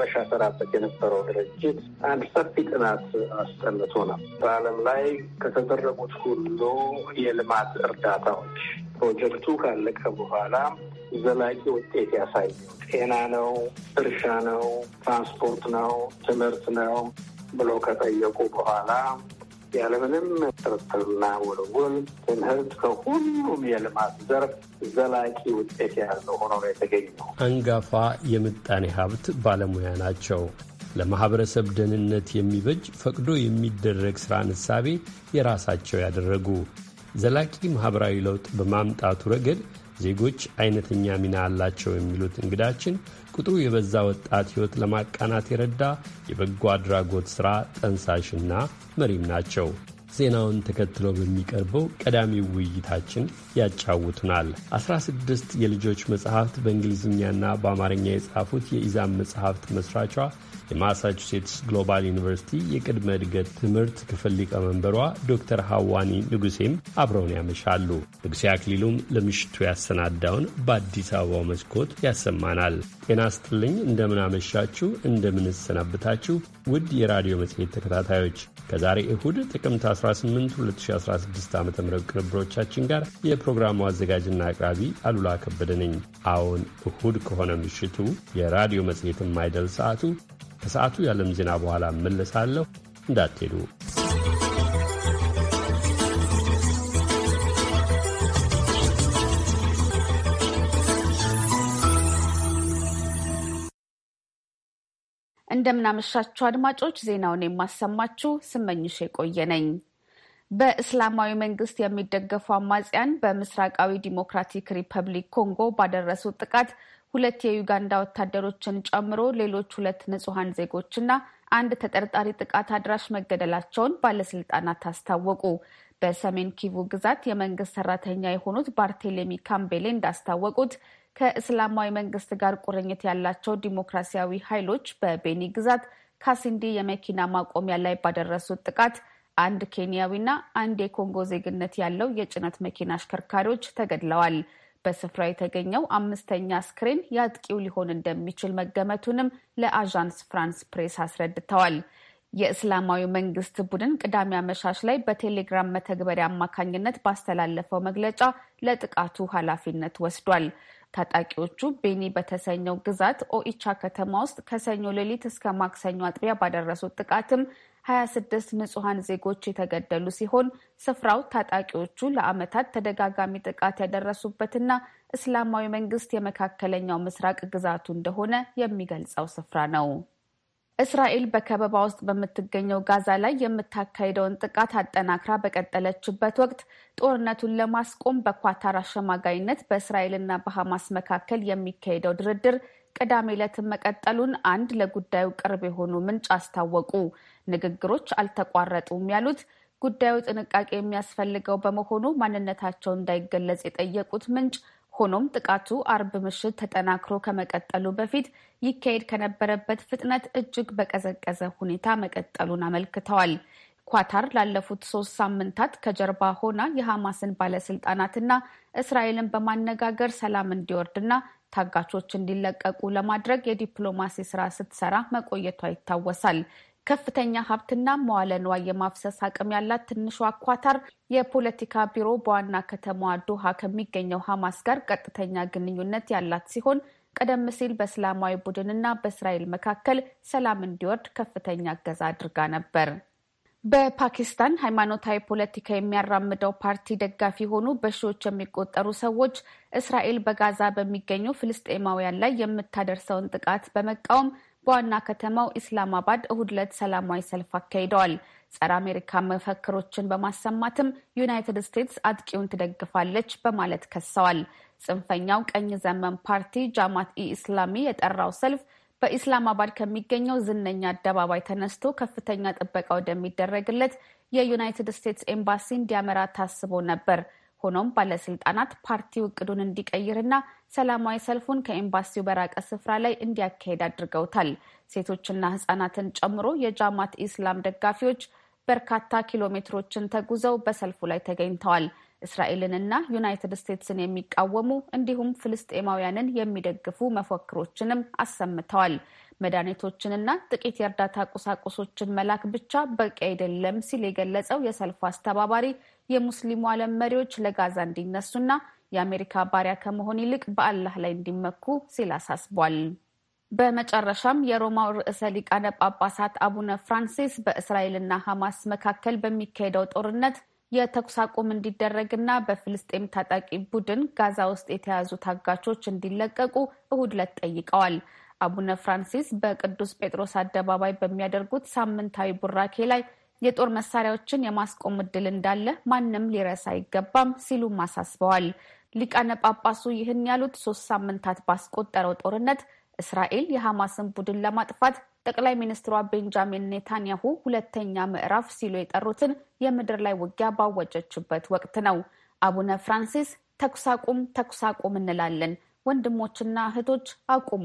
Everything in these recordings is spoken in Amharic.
መጨረሻ ሰራበት የነበረው ድርጅት አንድ ሰፊ ጥናት አስጠንቶ ነው። በዓለም ላይ ከተደረጉት ሁሉ የልማት እርዳታዎች ፕሮጀክቱ ካለቀ በኋላ ዘላቂ ውጤት ያሳየው ጤና ነው፣ እርሻ ነው፣ ትራንስፖርት ነው፣ ትምህርት ነው ብሎ ከጠየቁ በኋላ ያለምንም ጥርጥርና ወልወል ትምህርት ከሁሉም የልማት ዘርፍ ዘላቂ ውጤት ያለው ሆኖ ነው የተገኘው። አንጋፋ የምጣኔ ሀብት ባለሙያ ናቸው። ለማህበረሰብ ደህንነት የሚበጅ ፈቅዶ የሚደረግ ሥራ ንሳቤ የራሳቸው ያደረጉ ዘላቂ ማኅበራዊ ለውጥ በማምጣቱ ረገድ ዜጎች አይነተኛ ሚና አላቸው የሚሉት እንግዳችን ቁጥሩ የበዛ ወጣት ሕይወት ለማቃናት የረዳ የበጎ አድራጎት ሥራ ጠንሳሽና መሪም ናቸው። ዜናውን ተከትሎ በሚቀርበው ቀዳሚው ውይይታችን ያጫውቱናል። ስድስት የልጆች መጽሕፍት በእንግሊዝኛና በአማርኛ የጻፉት የኢዛም መጽሐፍት መስራቿ የማሳቹሴትስ ግሎባል ዩኒቨርሲቲ የቅድመ እድገት ትምህርት ክፍል ሊቀመንበሯ ዶክተር ሐዋኒ ንጉሴም አብረውን ያመሻሉ። ንጉሴ አክሊሉም ለምሽቱ ያሰናዳውን በአዲስ አበባው መስኮት ያሰማናል። ጤና ስጥልኝ፣ እንደምናመሻችሁ፣ እንደምንሰናብታችሁ ውድ የራዲዮ መጽሔት ተከታታዮች ከዛሬ እሁድ ጥቅምት 18 2016 ዓ ም ቅንብሮቻችን ጋር የፕሮግራሙ አዘጋጅና አቅራቢ አሉላ ከበደ ነኝ። እሁድ ከሆነ ምሽቱ የራዲዮ መጽሔት የማይደል ሰዓቱ ከሰዓቱ የዓለም ዜና በኋላ መለሳለሁ። እንዳትሄዱ። እንደምናመሻችሁ አድማጮች፣ ዜናውን የማሰማችሁ ስመኝሽ የቆየ ነኝ። በእስላማዊ መንግስት የሚደገፉ አማጽያን በምስራቃዊ ዲሞክራቲክ ሪፐብሊክ ኮንጎ ባደረሱት ጥቃት ሁለት የዩጋንዳ ወታደሮችን ጨምሮ ሌሎች ሁለት ንጹሐን ዜጎችና አንድ ተጠርጣሪ ጥቃት አድራሽ መገደላቸውን ባለስልጣናት አስታወቁ። በሰሜን ኪቩ ግዛት የመንግስት ሰራተኛ የሆኑት ባርቴሌሚ ካምቤሌ እንዳስታወቁት ከእስላማዊ መንግስት ጋር ቁርኝት ያላቸው ዲሞክራሲያዊ ኃይሎች በቤኒ ግዛት ካሲንዲ የመኪና ማቆሚያ ላይ ባደረሱት ጥቃት አንድ ኬንያዊና አንድ የኮንጎ ዜግነት ያለው የጭነት መኪና አሽከርካሪዎች ተገድለዋል። በስፍራ የተገኘው አምስተኛ አስክሬን የአጥቂው ሊሆን እንደሚችል መገመቱንም ለአዣንስ ፍራንስ ፕሬስ አስረድተዋል። የእስላማዊ መንግስት ቡድን ቅዳሜ አመሻሽ ላይ በቴሌግራም መተግበሪያ አማካኝነት ባስተላለፈው መግለጫ ለጥቃቱ ኃላፊነት ወስዷል። ታጣቂዎቹ ቤኒ በተሰኘው ግዛት ኦኢቻ ከተማ ውስጥ ከሰኞ ሌሊት እስከ ማክሰኞ አጥቢያ ባደረሱት ጥቃትም ሀያ ስድስት ንጹሐን ዜጎች የተገደሉ ሲሆን ስፍራው ታጣቂዎቹ ለዓመታት ተደጋጋሚ ጥቃት ያደረሱበትና እስላማዊ መንግስት የመካከለኛው ምስራቅ ግዛቱ እንደሆነ የሚገልጸው ስፍራ ነው። እስራኤል በከበባ ውስጥ በምትገኘው ጋዛ ላይ የምታካሄደውን ጥቃት አጠናክራ በቀጠለችበት ወቅት ጦርነቱን ለማስቆም በኳታር አሸማጋይነት በእስራኤልና በሐማስ መካከል የሚካሄደው ድርድር ቅዳሜ ዕለት መቀጠሉን አንድ ለጉዳዩ ቅርብ የሆኑ ምንጭ አስታወቁ። ንግግሮች አልተቋረጡም ያሉት ጉዳዩ ጥንቃቄ የሚያስፈልገው በመሆኑ ማንነታቸው እንዳይገለጽ የጠየቁት ምንጭ ሆኖም ጥቃቱ አርብ ምሽት ተጠናክሮ ከመቀጠሉ በፊት ይካሄድ ከነበረበት ፍጥነት እጅግ በቀዘቀዘ ሁኔታ መቀጠሉን አመልክተዋል። ኳታር ላለፉት ሶስት ሳምንታት ከጀርባ ሆና የሐማስን ባለስልጣናትና እስራኤልን በማነጋገር ሰላም እንዲወርድና ታጋቾች እንዲለቀቁ ለማድረግ የዲፕሎማሲ ስራ ስትሰራ መቆየቷ ይታወሳል። ከፍተኛ ሀብትና መዋለ ንዋይ የማፍሰስ አቅም ያላት ትንሿ ኳታር የፖለቲካ ቢሮ በዋና ከተማዋ ዶሃ ከሚገኘው ሀማስ ጋር ቀጥተኛ ግንኙነት ያላት ሲሆን ቀደም ሲል በእስላማዊ ቡድንና በእስራኤል መካከል ሰላም እንዲወርድ ከፍተኛ እገዛ አድርጋ ነበር። በፓኪስታን ሃይማኖታዊ ፖለቲካ የሚያራምደው ፓርቲ ደጋፊ የሆኑ በሺዎች የሚቆጠሩ ሰዎች እስራኤል በጋዛ በሚገኙ ፍልስጤማውያን ላይ የምታደርሰውን ጥቃት በመቃወም በዋና ከተማው ኢስላማባድ እሁድ ዕለት ሰላማዊ ሰልፍ አካሂደዋል። ጸረ አሜሪካ መፈክሮችን በማሰማትም ዩናይትድ ስቴትስ አጥቂውን ትደግፋለች በማለት ከሰዋል። ጽንፈኛው ቀኝ ዘመን ፓርቲ ጃማት ኢስላሚ የጠራው ሰልፍ በኢስላማባድ ከሚገኘው ዝነኛ አደባባይ ተነስቶ ከፍተኛ ጥበቃ ወደሚደረግለት የዩናይትድ ስቴትስ ኤምባሲ እንዲያመራ ታስቦ ነበር። ሆኖም ባለስልጣናት ፓርቲው እቅዱን እንዲቀይርና ሰላማዊ ሰልፉን ከኤምባሲው በራቀ ስፍራ ላይ እንዲያካሄድ አድርገውታል። ሴቶችና ሕጻናትን ጨምሮ የጃማት ኢስላም ደጋፊዎች በርካታ ኪሎ ሜትሮችን ተጉዘው በሰልፉ ላይ ተገኝተዋል። እስራኤልንና ዩናይትድ ስቴትስን የሚቃወሙ እንዲሁም ፍልስጤማውያንን የሚደግፉ መፈክሮችንም አሰምተዋል። መድኃኒቶችንና ጥቂት የእርዳታ ቁሳቁሶችን መላክ ብቻ በቂ አይደለም ሲል የገለጸው የሰልፉ አስተባባሪ የሙስሊሙ ዓለም መሪዎች ለጋዛ እንዲነሱና የአሜሪካ ባሪያ ከመሆን ይልቅ በአላህ ላይ እንዲመኩ ሲል አሳስቧል። በመጨረሻም የሮማው ርዕሰ ሊቃነ ጳጳሳት አቡነ ፍራንሲስ በእስራኤልና ሐማስ መካከል በሚካሄደው ጦርነት የተኩስ አቁም እንዲደረግና በፍልስጤም ታጣቂ ቡድን ጋዛ ውስጥ የተያዙ ታጋቾች እንዲለቀቁ እሁድ ዕለት ጠይቀዋል። አቡነ ፍራንሲስ በቅዱስ ጴጥሮስ አደባባይ በሚያደርጉት ሳምንታዊ ቡራኬ ላይ የጦር መሳሪያዎችን የማስቆም እድል እንዳለ ማንም ሊረሳ አይገባም ሲሉም አሳስበዋል። ሊቃነ ጳጳሱ ይህን ያሉት ሶስት ሳምንታት ባስቆጠረው ጦርነት እስራኤል የሐማስን ቡድን ለማጥፋት ጠቅላይ ሚኒስትሯ ቤንጃሚን ኔታንያሁ ሁለተኛ ምዕራፍ ሲሉ የጠሩትን የምድር ላይ ውጊያ ባወጀችበት ወቅት ነው። አቡነ ፍራንሲስ ተኩስ አቁም፣ ተኩስ አቁም እንላለን። ወንድሞችና እህቶች አቁሙ፣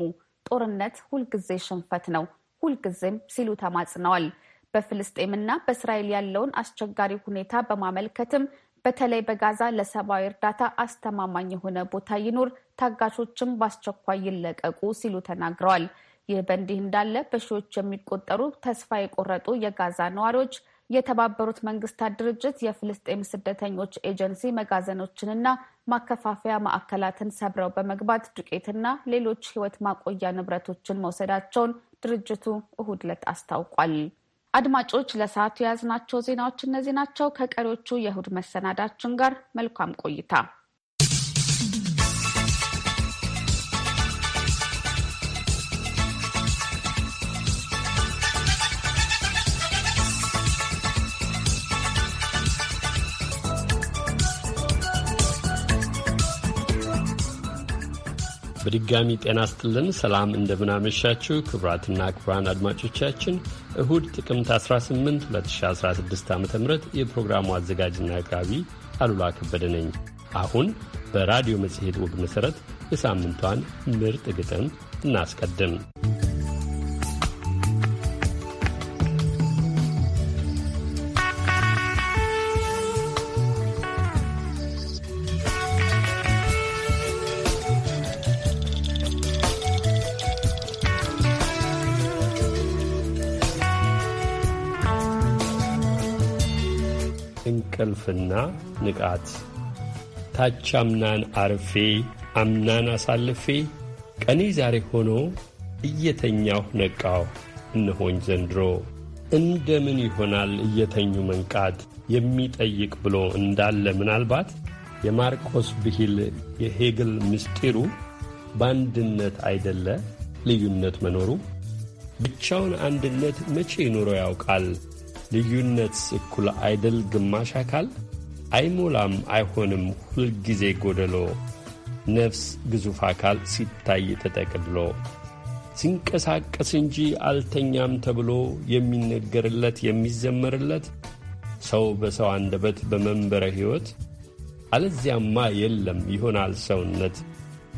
ጦርነት ሁልጊዜ ሽንፈት ነው፣ ሁልጊዜም ሲሉ ተማጽነዋል። በፍልስጤምና በእስራኤል ያለውን አስቸጋሪ ሁኔታ በማመልከትም በተለይ በጋዛ ለሰብአዊ እርዳታ አስተማማኝ የሆነ ቦታ ይኑር፣ ታጋቾችም በአስቸኳይ ይለቀቁ ሲሉ ተናግረዋል። ይህ በእንዲህ እንዳለ በሺዎች የሚቆጠሩ ተስፋ የቆረጡ የጋዛ ነዋሪዎች የተባበሩት መንግስታት ድርጅት የፍልስጤም ስደተኞች ኤጀንሲ መጋዘኖችንና ማከፋፈያ ማዕከላትን ሰብረው በመግባት ዱቄትና ሌሎች ሕይወት ማቆያ ንብረቶችን መውሰዳቸውን ድርጅቱ እሁድ ዕለት አስታውቋል። አድማጮች፣ ለሰዓቱ የያዝናቸው ዜናዎች እነዚህ ናቸው። ከቀሪዎቹ የእሁድ መሰናዳችን ጋር መልካም ቆይታ በድጋሚ ጤና ስጥልን። ሰላም እንደምናመሻችው ክቡራትና ክቡራን አድማጮቻችን እሁድ ጥቅምት 18 2016 ዓ ም የፕሮግራሙ አዘጋጅና አቅራቢ አሉላ ከበደ ነኝ። አሁን በራዲዮ መጽሔት ወግ መሠረት የሳምንቷን ምርጥ ግጥም እናስቀድም። ስንፍና ንቃት ታች አምናን አርፌ አምናን አሳልፌ ቀኔ ዛሬ ሆኖ እየተኛሁ ነቃሁ እነሆኝ ዘንድሮ እንደምን ይሆናል እየተኙ መንቃት የሚጠይቅ ብሎ እንዳለ ምናልባት የማርቆስ ብሂል የሄግል ምስጢሩ በአንድነት አይደለ ልዩነት መኖሩ ብቻውን አንድነት መቼ ኑሮ ያውቃል ልዩነት እኩል አይደል ግማሽ አካል አይሞላም አይሆንም ሁልጊዜ ጎደሎ ነፍስ ግዙፍ አካል ሲታይ ተጠቅድሎ ሲንቀሳቀስ እንጂ አልተኛም ተብሎ የሚነገርለት የሚዘመርለት ሰው በሰው አንደበት በመንበረ ሕይወት አለዚያማ የለም ይሆናል ሰውነት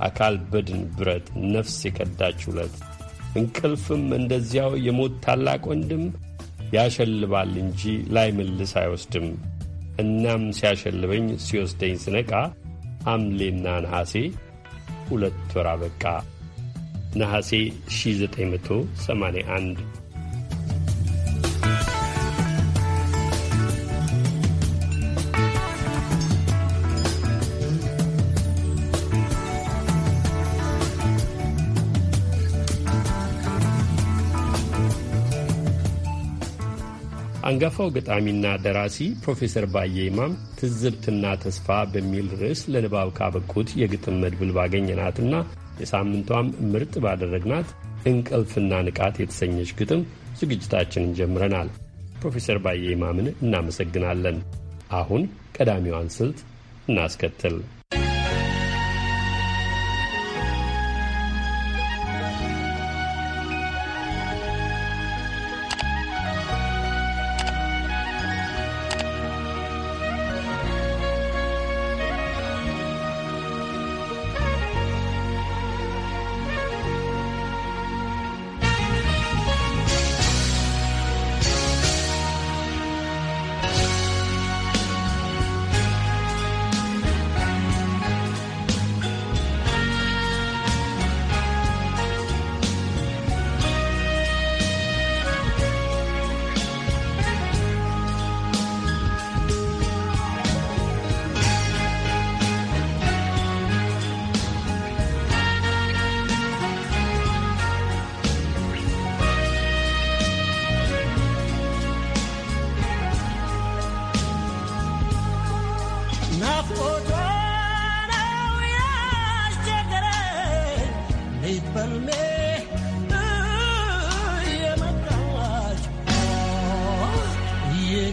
አካል በድን ብረት ነፍስ የቀዳች እንቅልፍም እንደዚያው የሞት ታላቅ ወንድም ያሸልባል እንጂ ላይ ምልስ አይወስድም። እናም ሲያሸልበኝ ሲወስደኝ ስነቃ ሐምሌና ነሐሴ ሁለት ወራ በቃ ነሐሴ 1981 አንጋፋው ገጣሚና ደራሲ ፕሮፌሰር ባየ ይማም ትዝብትና ተስፋ በሚል ርዕስ ለንባብ ካበቁት የግጥም መድብል ባገኘናትና የሳምንቷም ምርጥ ባደረግናት እንቅልፍና ንቃት የተሰኘች ግጥም ዝግጅታችንን ጀምረናል። ፕሮፌሰር ባየ ይማምን እናመሰግናለን። አሁን ቀዳሚዋን ስልት እናስከትል።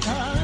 time.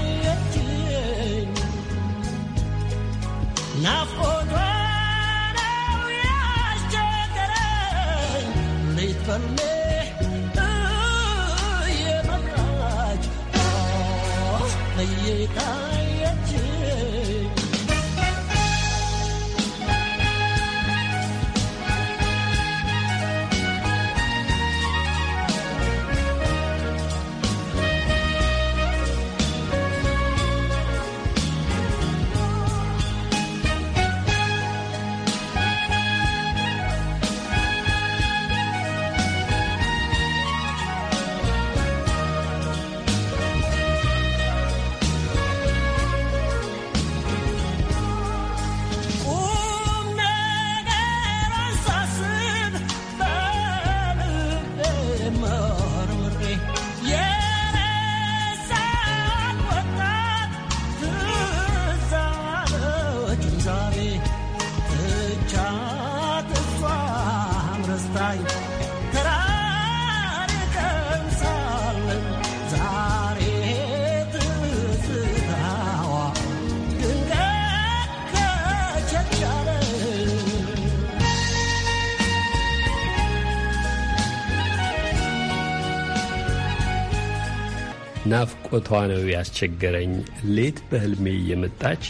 ናፍቆቷ ነው ያስቸገረኝ ሌት በህልሜ እየመጣች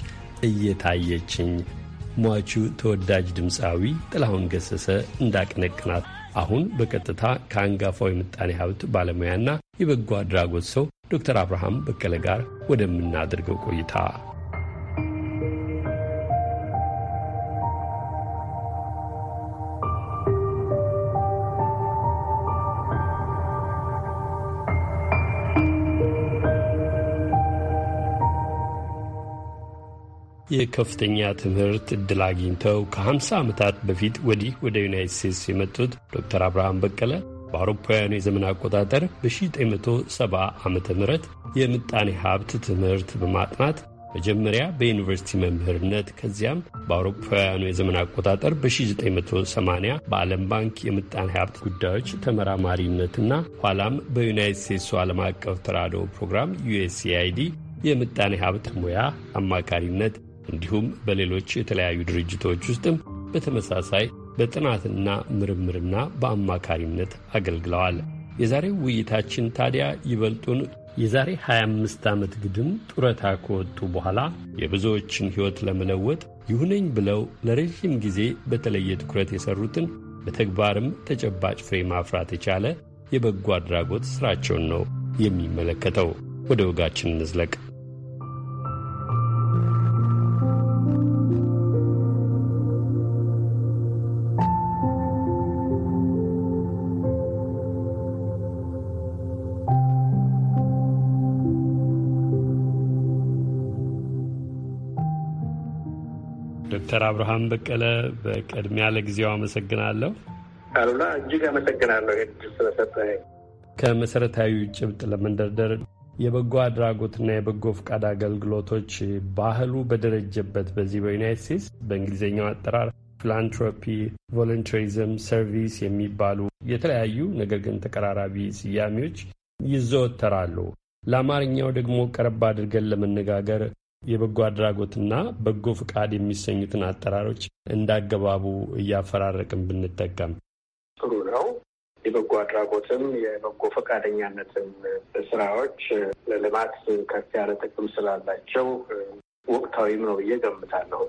እየታየችኝ ሟቹ ተወዳጅ ድምፃዊ ጥላሁን ገሰሰ እንዳቀነቅናት አሁን በቀጥታ ከአንጋፋው የምጣኔ ሀብት ባለሙያና የበጎ አድራጎት ሰው ዶክተር አብርሃም በቀለ ጋር ወደምናደርገው ቆይታ የከፍተኛ ትምህርት እድል አግኝተው ከ50 ዓመታት በፊት ወዲህ ወደ ዩናይት ስቴትስ የመጡት ዶክተር አብርሃም በቀለ በአውሮፓውያኑ የዘመን አቆጣጠር በ1970 ዓ ም የምጣኔ ሀብት ትምህርት በማጥናት መጀመሪያ በዩኒቨርሲቲ መምህርነት ከዚያም በአውሮፓውያኑ የዘመን አቆጣጠር በ1980 በዓለም ባንክ የምጣኔ ሀብት ጉዳዮች ተመራማሪነትና ኋላም በዩናይት ስቴትሱ ዓለም አቀፍ ተራድኦ ፕሮግራም ዩኤስኤአይዲ የምጣኔ ሀብት ሙያ አማካሪነት እንዲሁም በሌሎች የተለያዩ ድርጅቶች ውስጥም በተመሳሳይ በጥናትና ምርምርና በአማካሪነት አገልግለዋል። የዛሬው ውይይታችን ታዲያ ይበልጡን የዛሬ 25 ዓመት ግድም ጡረታ ከወጡ በኋላ የብዙዎችን ሕይወት ለመለወጥ ይሁነኝ ብለው ለረዥም ጊዜ በተለየ ትኩረት የሠሩትን በተግባርም ተጨባጭ ፍሬ ማፍራት የቻለ የበጎ አድራጎት ሥራቸውን ነው የሚመለከተው። ወደ ወጋችን እንዝለቅ። ዶክተር አብርሃም በቀለ በቅድሚያ ለጊዜው አመሰግናለሁ። አሉላ እጅግ አመሰግናለሁ ይህ ስለሰጠ። ከመሰረታዊ ጭብጥ ለመንደርደር የበጎ አድራጎትና የበጎ ፈቃድ አገልግሎቶች ባህሉ በደረጀበት በዚህ በዩናይት ስቴትስ በእንግሊዝኛው አጠራር ፊላንትሮፒ፣ ቮለንትሪዝም፣ ሰርቪስ የሚባሉ የተለያዩ ነገር ግን ተቀራራቢ ስያሜዎች ይዘወተራሉ። ለአማርኛው ደግሞ ቀረብ አድርገን ለመነጋገር የበጎ አድራጎትና በጎ ፍቃድ የሚሰኙትን አጠራሮች እንዳገባቡ እያፈራረቅን ብንጠቀም ጥሩ ነው። የበጎ አድራጎትም የበጎ ፈቃደኛነትም ስራዎች ለልማት ከፍ ያለ ጥቅም ስላላቸው ወቅታዊም ነው ብዬ ገምታለሁ።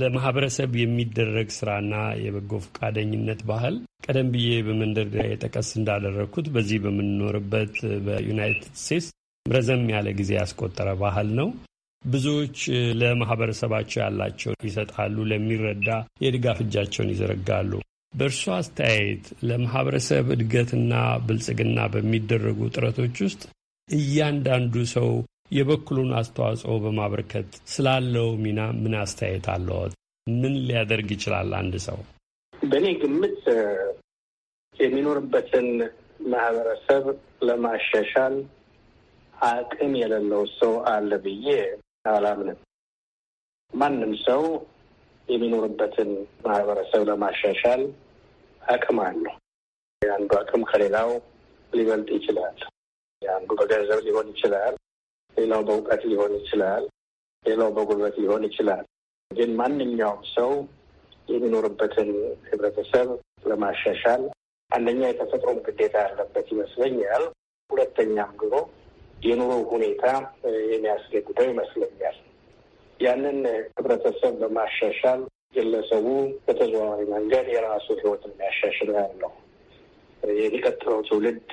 ለማህበረሰብ የሚደረግ ስራና የበጎ ፈቃደኝነት ባህል ቀደም ብዬ በመንደርደሪያ የጠቀስ እንዳደረግኩት በዚህ በምንኖርበት በዩናይትድ ስቴትስ ረዘም ያለ ጊዜ ያስቆጠረ ባህል ነው። ብዙዎች ለማህበረሰባቸው ያላቸው ይሰጣሉ፣ ለሚረዳ የድጋፍ እጃቸውን ይዘረጋሉ። በእርሱ አስተያየት ለማህበረሰብ እድገትና ብልጽግና በሚደረጉ ጥረቶች ውስጥ እያንዳንዱ ሰው የበኩሉን አስተዋጽኦ በማበርከት ስላለው ሚና ምን አስተያየት አለዎት? ምን ሊያደርግ ይችላል አንድ ሰው? በእኔ ግምት የሚኖርበትን ማህበረሰብ ለማሻሻል አቅም የሌለው ሰው አለ ብዬ አላምንም። ማንም ሰው የሚኖርበትን ማህበረሰብ ለማሻሻል አቅም አለው። የአንዱ አቅም ከሌላው ሊበልጥ ይችላል። የአንዱ በገንዘብ ሊሆን ይችላል፣ ሌላው በእውቀት ሊሆን ይችላል፣ ሌላው በጉልበት ሊሆን ይችላል። ግን ማንኛውም ሰው የሚኖርበትን ህብረተሰብ ለማሻሻል አንደኛ የተፈጥሮም ግዴታ ያለበት ይመስለኛል። ሁለተኛም ድሮ የኑሮ ሁኔታ የሚያስገድደው ይመስለኛል። ያንን ህብረተሰብ በማሻሻል ግለሰቡ በተዘዋዋሪ መንገድ የራሱ ህይወት የሚያሻሽል ያለው የሚቀጥለው ትውልድ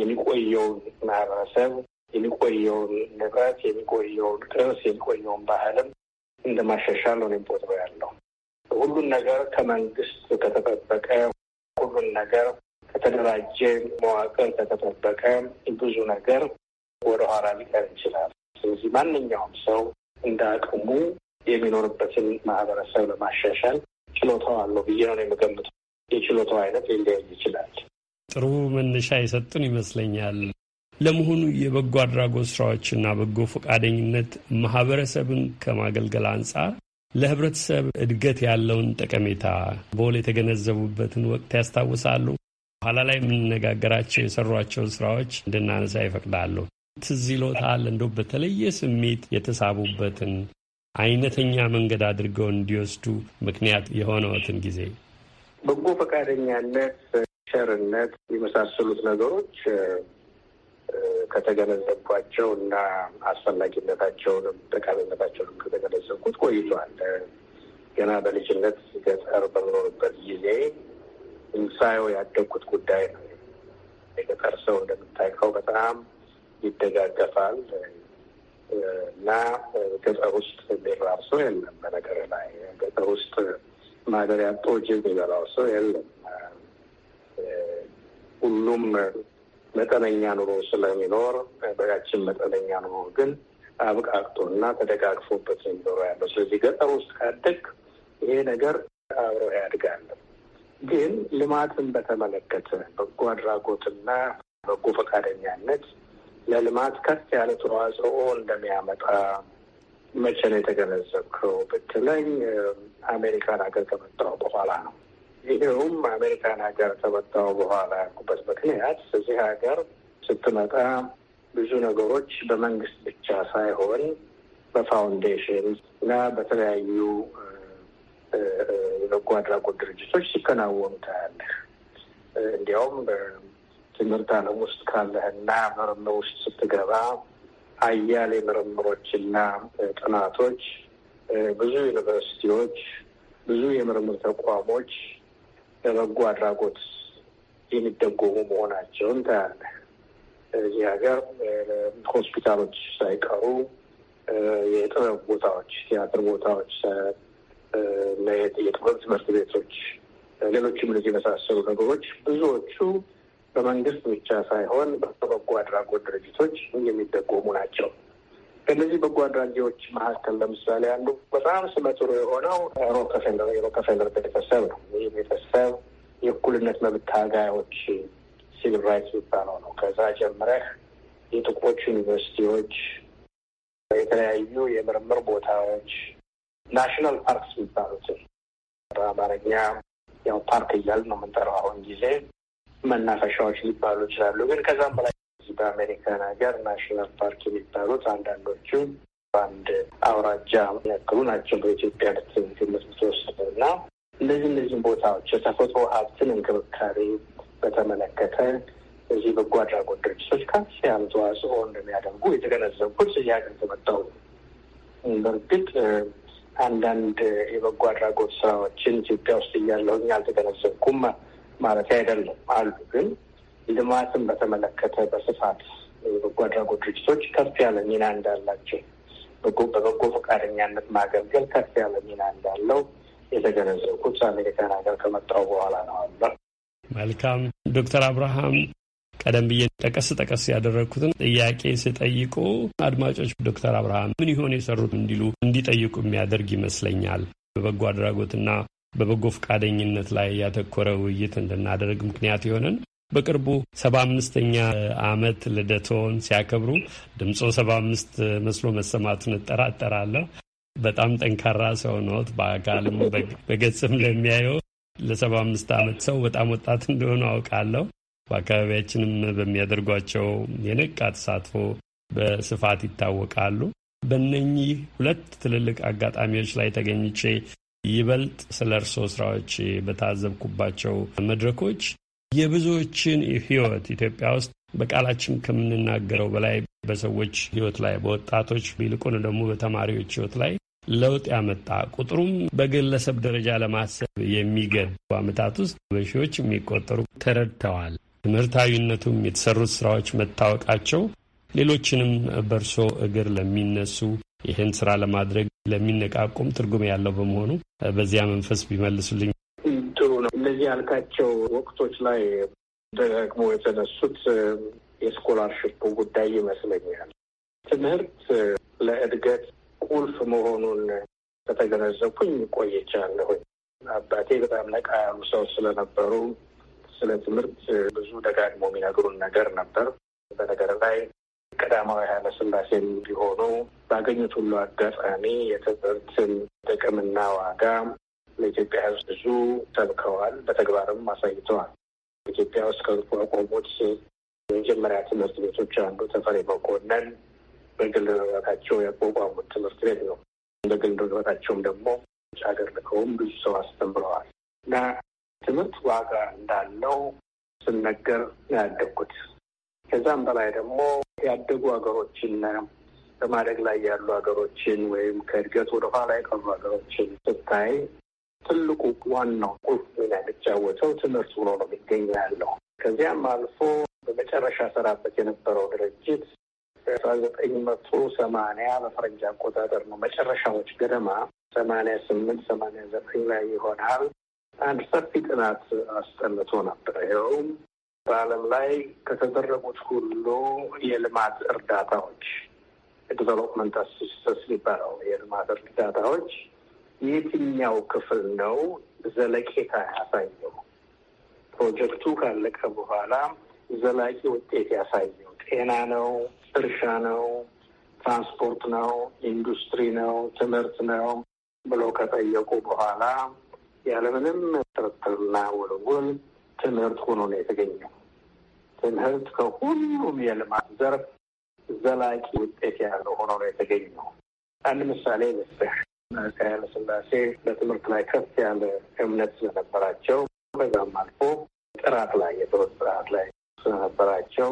የሚቆየውን ማህበረሰብ የሚቆየውን ንብረት የሚቆየውን ቅርስ የሚቆየውን ባህልም እንደ ማሻሻል ነው የሚቆጥረው ያለው። ሁሉን ነገር ከመንግስት ከተጠበቀ፣ ሁሉን ነገር ከተደራጀ መዋቅር ከተጠበቀ ብዙ ነገር ወደ ኋላ ሊቀር ይችላል። ስለዚህ ማንኛውም ሰው እንደ አቅሙ የሚኖርበትን ማህበረሰብ ለማሻሻል ችሎታው አለው ብዬ ነው የምገምቱ። የችሎታው አይነት ሊለያይ ይችላል። ጥሩ መነሻ የሰጡን ይመስለኛል። ለመሆኑ የበጎ አድራጎት ስራዎችና በጎ ፈቃደኝነት ማህበረሰብን ከማገልገል አንጻር ለህብረተሰብ እድገት ያለውን ጠቀሜታ በውል የተገነዘቡበትን ወቅት ያስታውሳሉ? በኋላ ላይ የምንነጋገራቸው የሰሯቸውን ስራዎች እንድናነሳ ይፈቅዳሉ። ትዝ ይሎታል? እንደው በተለየ ስሜት የተሳቡበትን አይነተኛ መንገድ አድርገው እንዲወስዱ ምክንያት የሆነዎትን ጊዜ በጎ ፈቃደኛነት፣ ሸርነት የመሳሰሉት ነገሮች ከተገነዘብኳቸው እና አስፈላጊነታቸውንም ጠቃሚነታቸውንም ከተገነዘብኩት ቆይቷል። ገና በልጅነት ገጠር በምኖርበት ጊዜ እንሳየው ያደግኩት ጉዳይ ነው። የገጠር ሰው እንደምታውቀው በጣም ይደጋገፋል እና ገጠር ውስጥ የሚራብ ሰው የለም። በነገር ላይ ገጠር ውስጥ ማደሪያ ጦጅ የሚበላው ሰው የለም። ሁሉም መጠነኛ ኑሮ ስለሚኖር በያችን መጠነኛ ኑሮ ግን አብቃቅቶ እና ተደጋግፎበት የሚኖረ ያለው። ስለዚህ ገጠር ውስጥ ካደግ ይሄ ነገር አብሮ ያድጋል። ግን ልማትን በተመለከተ በጎ አድራጎትና በጎ ፈቃደኛነት ለልማት ከፍ ያለ ተዋጽኦ እንደሚያመጣ መቼ ነው የተገነዘብከው ብትለኝ አሜሪካን ሀገር ከመጣሁ በኋላ ነው። ይሄውም አሜሪካን ሀገር ከመጣሁ በኋላ ያልኩበት ምክንያት እዚህ ሀገር ስትመጣ ብዙ ነገሮች በመንግስት ብቻ ሳይሆን በፋውንዴሽን እና በተለያዩ በጎ አድራጎት ድርጅቶች ሲከናወኑ ታያለህ። እንዲያውም ትምህርት ዓለም ውስጥ ካለህና ምርምር ውስጥ ስትገባ አያሌ ምርምሮችና ጥናቶች፣ ብዙ ዩኒቨርሲቲዎች፣ ብዙ የምርምር ተቋሞች ለበጎ አድራጎት የሚደጎሙ መሆናቸውን ታያለህ። እዚህ ሀገር ሆስፒታሎች ሳይቀሩ የጥበብ ቦታዎች፣ ቲያትር ቦታዎች፣ የጥበብ ትምህርት ቤቶች፣ ሌሎችም እንደዚህ የመሳሰሉ ነገሮች ብዙዎቹ በመንግስት ብቻ ሳይሆን በበጎ አድራጎት ድርጅቶች የሚደጎሙ ናቸው። ከእነዚህ በጎ አድራጊዎች መካከል ለምሳሌ አንዱ በጣም ስመ ጥሩ የሆነው ሮከፌለር የሮከፌለር ቤተሰብ ነው። ይህ ቤተሰብ የእኩልነት መብት ታጋዮች ሲቪል ራይትስ የሚባለው ነው። ከዛ ጀምረህ የጥቁሮች ዩኒቨርሲቲዎች፣ የተለያዩ የምርምር ቦታዎች፣ ናሽናል ፓርክስ የሚባሉትን በአማርኛ ያው ፓርክ እያል ነው የምንጠራው አሁን ጊዜ መናፈሻዎች ሊባሉ ይችላሉ። ግን ከዛም በላይ በአሜሪካን ሀገር ናሽናል ፓርክ የሚባሉት አንዳንዶቹ በአንድ አውራጃ ያክሉ ናቸው። በኢትዮጵያ ግምት ብትወስድ እና እንደዚህ እነዚህም ቦታዎች የተፈጥሮ ሀብትን እንክብካቤ በተመለከተ እዚህ በጎ አድራጎት ድርጅቶች ከፍ ያለ ተዋጽኦ እንደሚያደርጉ የተገነዘብኩት እዚህ ሀገር ተመጣው። በእርግጥ አንዳንድ የበጎ አድራጎት ስራዎችን ኢትዮጵያ ውስጥ እያለሁኝ አልተገነዘብኩም። ማለት አይደለም አሉ። ግን ልማትን በተመለከተ በስፋት በጎ አድራጎት ድርጅቶች ከፍ ያለ ሚና እንዳላቸው በበጎ ፈቃደኛነት ማገልገል ከፍ ያለ ሚና እንዳለው የተገነዘብኩት አሜሪካን ሀገር ከመጣው በኋላ ነው። አለ መልካም ዶክተር አብርሃም ቀደም ብዬ ጠቀስ ጠቀስ ያደረግኩትን ጥያቄ ስጠይቁ አድማጮች ዶክተር አብርሃም ምን ይሆን የሰሩት እንዲሉ እንዲጠይቁ የሚያደርግ ይመስለኛል። በበጎ አድራጎትና በበጎ ፈቃደኝነት ላይ ያተኮረ ውይይት እንድናደርግ ምክንያት የሆነን በቅርቡ ሰባ አምስተኛ ዓመት ልደቶን ሲያከብሩ ድምፆ ሰባ አምስት መስሎ መሰማቱን እጠራጠራለሁ። በጣም ጠንካራ ሰው ነዎት። በአካልም በገጽም ለሚያየው ለሰባ አምስት ዓመት ሰው በጣም ወጣት እንደሆኑ አውቃለሁ። በአካባቢያችንም በሚያደርጓቸው የነቃ ተሳትፎ በስፋት ይታወቃሉ። በነኚህ ሁለት ትልልቅ አጋጣሚዎች ላይ ተገኝቼ ይበልጥ ስለ እርስዎ ስራዎች በታዘብኩባቸው መድረኮች የብዙዎችን ህይወት ኢትዮጵያ ውስጥ በቃላችን ከምንናገረው በላይ በሰዎች ህይወት ላይ በወጣቶች ይልቁን ደግሞ በተማሪዎች ህይወት ላይ ለውጥ ያመጣ ቁጥሩም በግለሰብ ደረጃ ለማሰብ የሚገድ አመታት ውስጥ በሺዎች የሚቆጠሩ ተረድተዋል። ትምህርታዊነቱም የተሰሩት ስራዎች መታወቃቸው ሌሎችንም በእርሶ እግር ለሚነሱ ይህን ስራ ለማድረግ ለሚነቃቁም ትርጉም ያለው በመሆኑ በዚያ መንፈስ ቢመልሱልኝ ጥሩ ነው። እነዚህ ያልካቸው ወቅቶች ላይ ደግሞ የተነሱት የስኮላርሽፕ ጉዳይ ይመስለኛል። ትምህርት ለእድገት ቁልፍ መሆኑን ከተገነዘብኩኝ ቆይቻለሁኝ። አባቴ በጣም ነቃ ያሉ ሰው ስለነበሩ ስለ ትምህርት ብዙ ደጋግሞ የሚነግሩን ነገር ነበር። በነገር ላይ ቀዳማዊ ኃይለ ሥላሴም ቢሆኑ ባገኙት ሁሉ አጋጣሚ የትምህርትን ጥቅምና ዋጋ ለኢትዮጵያ ሕዝብ ብዙ ሰብከዋል፣ በተግባርም አሳይተዋል። ኢትዮጵያ ውስጥ ከቋቋሙት የመጀመሪያ ትምህርት ቤቶች አንዱ ተፈሪ መኮንን በግል ንብረታቸው ያቋቋሙት ትምህርት ቤት ነው። በግል ንብረታቸውም ደግሞ ሀገር ልከውም ብዙ ሰው አስተምረዋል እና ትምህርት ዋጋ እንዳለው ስነገር ያደጉት ከዛም በላይ ደግሞ ያደጉ ሀገሮችን በማደግ ላይ ያሉ ሀገሮችን ወይም ከእድገት ወደኋላ የቀሩ ሀገሮችን ስታይ ትልቁ ዋናው ቁልፍ ሚና የሚጫወተው ትምህርት ብሎ ነው የሚገኝ ያለው። ከዚያም አልፎ በመጨረሻ ሰራበት የነበረው ድርጅት በአስራ ዘጠኝ መቶ ሰማንያ በፈረንጅ አቆጣጠር ነው መጨረሻዎች ገደማ ሰማንያ ስምንት ሰማንያ ዘጠኝ ላይ ይሆናል አንድ ሰፊ ጥናት አስጠንቶ ነበር። ይኸውም በዓለም ላይ ከተደረጉት ሁሉ የልማት እርዳታዎች ዲቨሎፕመንት አሲስተንስ የሚባለው የልማት እርዳታዎች የትኛው ክፍል ነው ዘለቄታ ያሳየው? ፕሮጀክቱ ካለቀ በኋላ ዘላቂ ውጤት ያሳየው ጤና ነው? እርሻ ነው? ትራንስፖርት ነው? ኢንዱስትሪ ነው? ትምህርት ነው? ብለው ከጠየቁ በኋላ ያለምንም ጥርጥርና ውልውል ትምህርት ሆኖ ነው የተገኘው። ትምህርት ከሁሉም የልማት ዘርፍ ዘላቂ ውጤት ያለው ሆኖ ነው የተገኘው። አንድ ምሳሌ ልስጥህ። አፄ ኃይለሥላሴ በትምህርት ላይ ከፍ ያለ እምነት ስለነበራቸው በዛም አልፎ ጥራት ላይ የትምህርት ጥራት ላይ ስለነበራቸው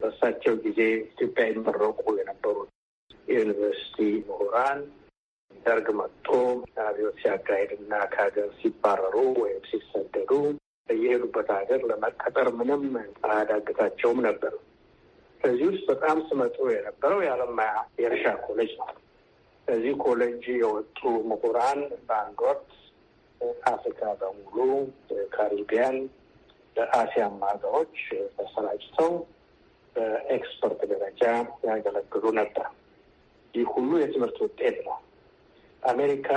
በእሳቸው ጊዜ ኢትዮጵያ ይመረቁ የነበሩት ዩኒቨርሲቲ ምሁራን ደርግ መጥቶ አብዮት ሲያካሂድና ከሀገር ሲባረሩ ወይም ሲሰደዱ በየሄዱበት ሀገር ለመቀጠር ምንም አያዳግታቸውም ነበር። ከዚህ ውስጥ በጣም ስመጡ የነበረው የአለማያ የእርሻ ኮሌጅ ነው። ከዚህ ኮሌጅ የወጡ ምሁራን በአንድ ወቅት አፍሪካ በሙሉ ካሪቢያን፣ ለአሲያም ሀገሮች ተሰራጭተው በኤክስፐርት ደረጃ ያገለግሉ ነበር። ይህ ሁሉ የትምህርት ውጤት ነው። አሜሪካ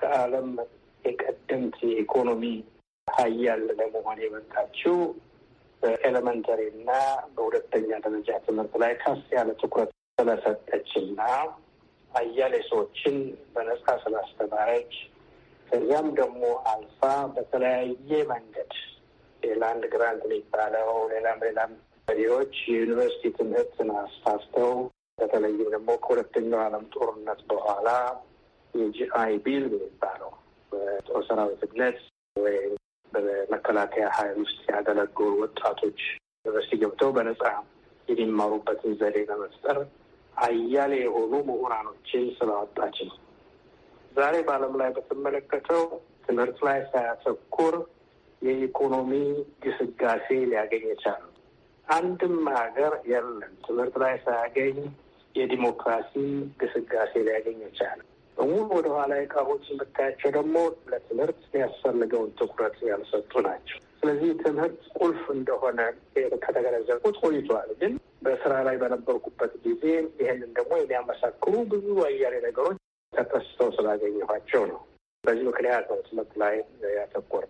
ከዓለም የቀደምት የኢኮኖሚ ሀያል ለመሆን የመጣችው በኤሌመንተሪ እና በሁለተኛ ደረጃ ትምህርት ላይ ከፍ ያለ ትኩረት ስለሰጠችና አያሌ ሰዎችን በነጻ ስላስተማረች ከዚያም ደግሞ አልፋ በተለያየ መንገድ ሌላንድ ግራንት የሚባለው ሌላም ሌላም መሪዎች የዩኒቨርሲቲ ትምህርትን አስፋፍተው በተለይም ደግሞ ከሁለተኛው ዓለም ጦርነት በኋላ የጂአይ ቢል የሚባለው ጦር ሰራዊትነት ወይም በመከላከያ ኃይል ውስጥ ያገለገሉ ወጣቶች ዩኒቨርሲቲ ገብተው በነጻ የሚማሩበትን ዘዴ ለመፍጠር አያሌ የሆኑ ምሁራኖችን ስላወጣች ነው። ዛሬ በዓለም ላይ በተመለከተው ትምህርት ላይ ሳያተኩር የኢኮኖሚ ግስጋሴ ሊያገኝ የቻለው አንድም ሀገር የለም ትምህርት ላይ ሳያገኝ የዲሞክራሲ ግስጋሴ ሊያገኝ የቻለው በሙሉ ወደኋላ የቀሩትን የምታያቸው ደግሞ ለትምህርት የሚያስፈልገውን ትኩረት ያልሰጡ ናቸው። ስለዚህ ትምህርት ቁልፍ እንደሆነ ከተገነዘብኩት ቆይቷል። ግን በስራ ላይ በነበርኩበት ጊዜ ይህንን ደግሞ የሚያመሳክሩ ብዙ አያሌ ነገሮች ተከስተው ስላገኘኋቸው ነው። በዚህ ምክንያት ነው ትምህርት ላይ ያተኮረ።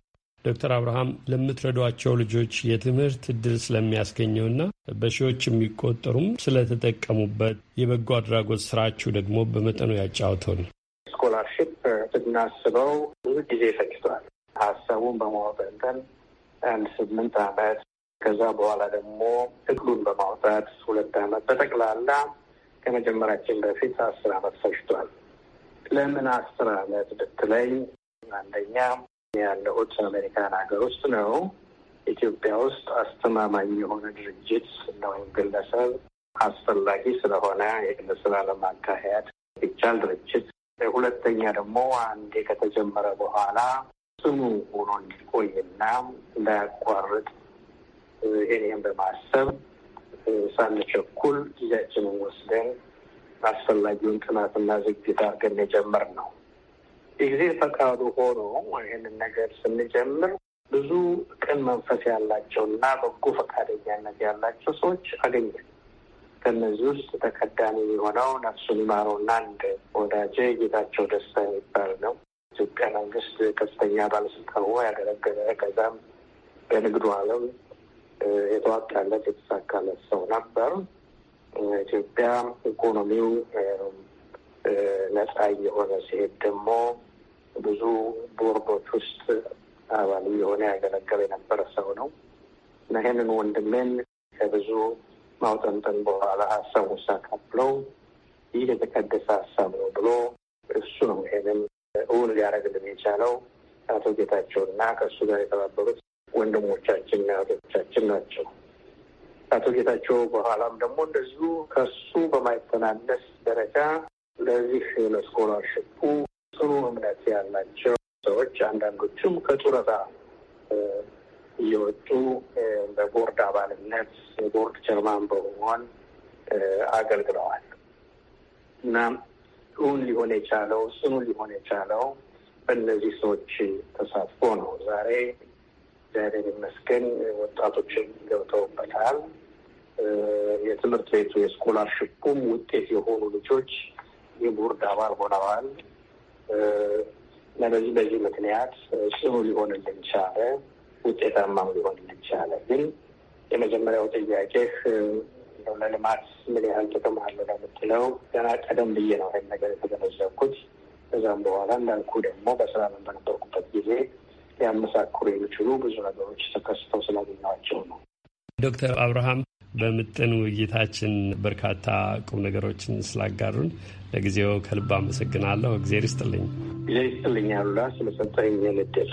ዶክተር አብርሃም ለምትረዷቸው ልጆች የትምህርት እድል ስለሚያስገኘውና በሺዎች የሚቆጠሩም ስለተጠቀሙበት የበጎ አድራጎት ስራችሁ ደግሞ በመጠኑ ያጫውተውን ስኮላርሽፕ ስናስበው ብዙ ጊዜ ፈጅቷል። ሀሳቡን በማወጠንተን አንድ ስምንት አመት ከዛ በኋላ ደግሞ እግሉን በማውጣት ሁለት አመት በጠቅላላ ከመጀመራችን በፊት አስር አመት ፈጅቷል። ለምን አስር አመት ብትለኝ፣ አንደኛ ያለሁት አሜሪካን ሀገር ውስጥ ነው። ኢትዮጵያ ውስጥ አስተማማኝ የሆነ ድርጅት ወይም ግለሰብ አስፈላጊ ስለሆነ የግል ስራ ለማካሄድ ይቻል ድርጅት ሁለተኛ ደግሞ አንዴ ከተጀመረ በኋላ ጽኑ ሆኖ እንዲቆይና እንዳያቋርጥ ይህንም በማሰብ ሳንቸኩል ጊዜያችንን ወስደን አስፈላጊውን ጥናትና ዝግጅት አድርገን የጀመር ነው። የጊዜ ፈቃዱ ሆኖ ይህንን ነገር ስንጀምር ብዙ ቅን መንፈስ ያላቸው እና በጎ ፈቃደኛነት ያላቸው ሰዎች አገኘን። ከነዚህ ውስጥ ተቀዳሚ የሆነው ነፍሱን ይማረውና አንድ ወዳጄ ጌታቸው ደስታ የሚባል ነው። ኢትዮጵያ መንግስት ከፍተኛ ባለስልጣን ሆኖ ያገለገለ ከዛም በንግዱ ዓለም የተዋጣለት የተሳካለት ሰው ነበር። ኢትዮጵያ ኢኮኖሚው ነፃ እየሆነ ሲሄድ ደግሞ ብዙ ቦርዶች ውስጥ አባል የሆነ ያገለገለ የነበረ ሰው ነው እና ይህንን ወንድሜን ከብዙ ማውጠንጠን በኋላ ሀሳቡ ሳካፍለው ይህ የተቀደሰ ሀሳብ ነው ብሎ እሱ ነው ይሄንን እውን ሊያደርግልን የቻለው አቶ ጌታቸው እና ከእሱ ጋር የተባበሩት ወንድሞቻችን እና እህቶቻችን ናቸው። አቶ ጌታቸው በኋላም ደግሞ እንደዚሁ ከሱ በማይተናነስ ደረጃ ለዚህ ለስኮላርሽፑ ጽኑ እምነት ያላቸው ሰዎች አንዳንዶቹም ከጡረታ እየወጡ በቦርድ አባልነት የቦርድ ቸርማን በመሆን አገልግለዋል እና እውን ሊሆን የቻለው ጽኑ ሊሆን የቻለው በእነዚህ ሰዎች ተሳትፎ ነው። ዛሬ እግዚአብሔር ይመስገን ወጣቶችን ገብተውበታል። የትምህርት ቤቱ የስኮላርሽፑም ውጤት የሆኑ ልጆች የቦርድ አባል ሆነዋል። ለበዚህ በዚህ ምክንያት ጽኑ ሊሆንልን ቻለ። ውጤታማ ሊሆን ይቻላል። ግን የመጀመሪያው ጥያቄህ ለልማት ምን ያህል ጥቅም አለ ለምትለው ገና ቀደም ብዬ ነው ይህን ነገር የተገነዘብኩት። ከዛም በኋላ እንዳልኩ ደግሞ በስራ ላይ በነበርኩበት ጊዜ ሊያመሳክሩ የሚችሉ ብዙ ነገሮች ተከስተው ስላገኘኋቸው ነው። ዶክተር አብርሃም በምጥን ውይይታችን በርካታ ቁም ነገሮችን ስላጋሩን ለጊዜው ከልብ አመሰግናለሁ። እግዜር ይስጥልኝ። እግዜር ይስጥልኝ አሉላ ስለሰጠኝ እድል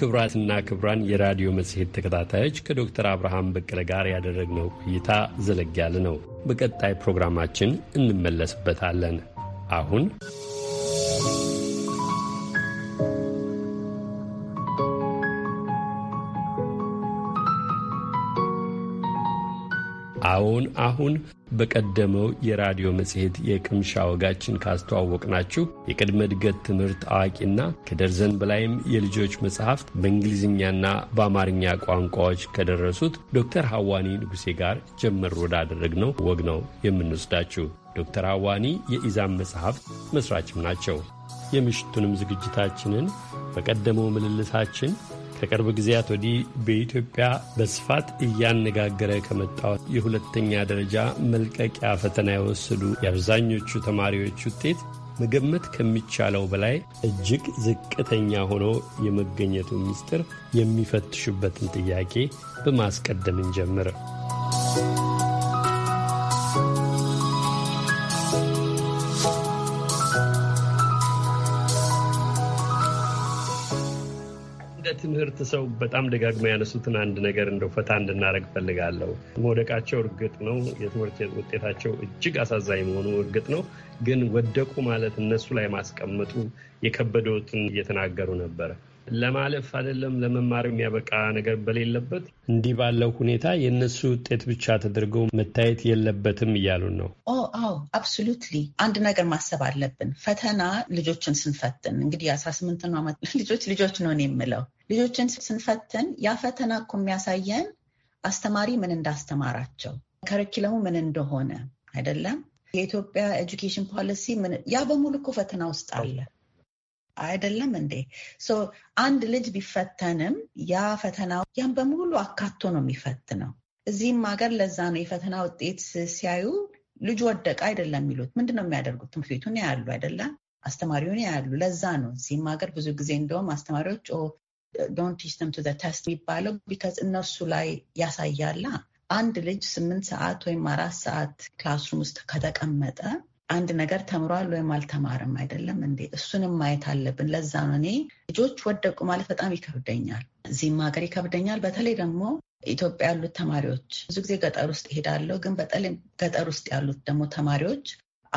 ክብራትና ክብራን የራዲዮ መጽሔት ተከታታዮች ከዶክተር አብርሃም በቀለ ጋር ያደረግነው ቆይታ ዘለግ ያለ ነው። በቀጣይ ፕሮግራማችን እንመለስበታለን። አሁን እንግዳውን አሁን በቀደመው የራዲዮ መጽሔት የቅምሻ ወጋችን ካስተዋወቅናችሁ የቅድመ እድገት ትምህርት አዋቂና ከደርዘን በላይም የልጆች መጽሐፍት በእንግሊዝኛና በአማርኛ ቋንቋዎች ከደረሱት ዶክተር ሐዋኒ ንጉሴ ጋር ጀመር ወዳደረግነው ወግ ነው የምንወስዳችሁ። ዶክተር ሐዋኒ የኢዛም መጽሐፍት መስራችም ናቸው። የምሽቱንም ዝግጅታችንን በቀደመው ምልልሳችን ከቅርብ ጊዜያት ወዲህ በኢትዮጵያ በስፋት እያነጋገረ ከመጣው የሁለተኛ ደረጃ መልቀቂያ ፈተና የወሰዱ የአብዛኞቹ ተማሪዎች ውጤት መገመት ከሚቻለው በላይ እጅግ ዝቅተኛ ሆኖ የመገኘቱ ምስጢር የሚፈትሹበትን ጥያቄ በማስቀደም እንጀምር። ሰው በጣም ደጋግማ ያነሱትን አንድ ነገር እንደው ፈታ እንድናደረግ ፈልጋለሁ። መውደቃቸው እርግጥ ነው፣ የትምህርት ውጤታቸው እጅግ አሳዛኝ መሆኑ እርግጥ ነው። ግን ወደቁ ማለት እነሱ ላይ ማስቀመጡ የከበደውትን እየተናገሩ ነበረ። ለማለፍ አይደለም ለመማር የሚያበቃ ነገር በሌለበት እንዲህ ባለው ሁኔታ የእነሱ ውጤት ብቻ ተደርገው መታየት የለበትም እያሉን ነው። አዎ አብሶሉትሊ አንድ ነገር ማሰብ አለብን። ፈተና ልጆችን ስንፈትን እንግዲህ የአስራ ስምንት ዓመት ልጆች ልጆች ነው የምለው ልጆችን ስንፈትን ያ ፈተና እኮ የሚያሳየን አስተማሪ ምን እንዳስተማራቸው ከረኪለሙ ምን እንደሆነ አይደለም። የኢትዮጵያ ኤጁኬሽን ፖሊሲ ያ በሙሉ እኮ ፈተና ውስጥ አለ። አይደለም እንዴ? አንድ ልጅ ቢፈተንም ያ ፈተና ያን በሙሉ አካቶ ነው የሚፈትነው። እዚህም ሀገር ለዛ ነው የፈተና ውጤት ሲያዩ ልጁ ወደቀ አይደለም የሚሉት። ምንድን ነው የሚያደርጉት? ትምህርት ቤቱን ያሉ አይደለም፣ አስተማሪውን ያሉ። ለዛ ነው እዚህም ሀገር ብዙ ጊዜ እንደውም አስተማሪዎች ዶንት ቲች ቱ ዘ ቴስት የሚባለው ቢካዝ እነሱ ላይ ያሳያላ። አንድ ልጅ ስምንት ሰዓት ወይም አራት ሰዓት ክላስሩም ውስጥ ከተቀመጠ አንድ ነገር ተምሯል ወይም አልተማርም አይደለም እንዴ? እሱንም ማየት አለብን። ለዛ ነው እኔ ልጆች ወደቁ ማለት በጣም ይከብደኛል፣ እዚህም ሀገር ይከብደኛል። በተለይ ደግሞ ኢትዮጵያ ያሉት ተማሪዎች ብዙ ጊዜ ገጠር ውስጥ ይሄዳለሁ፣ ግን በተለይ ገጠር ውስጥ ያሉት ደግሞ ተማሪዎች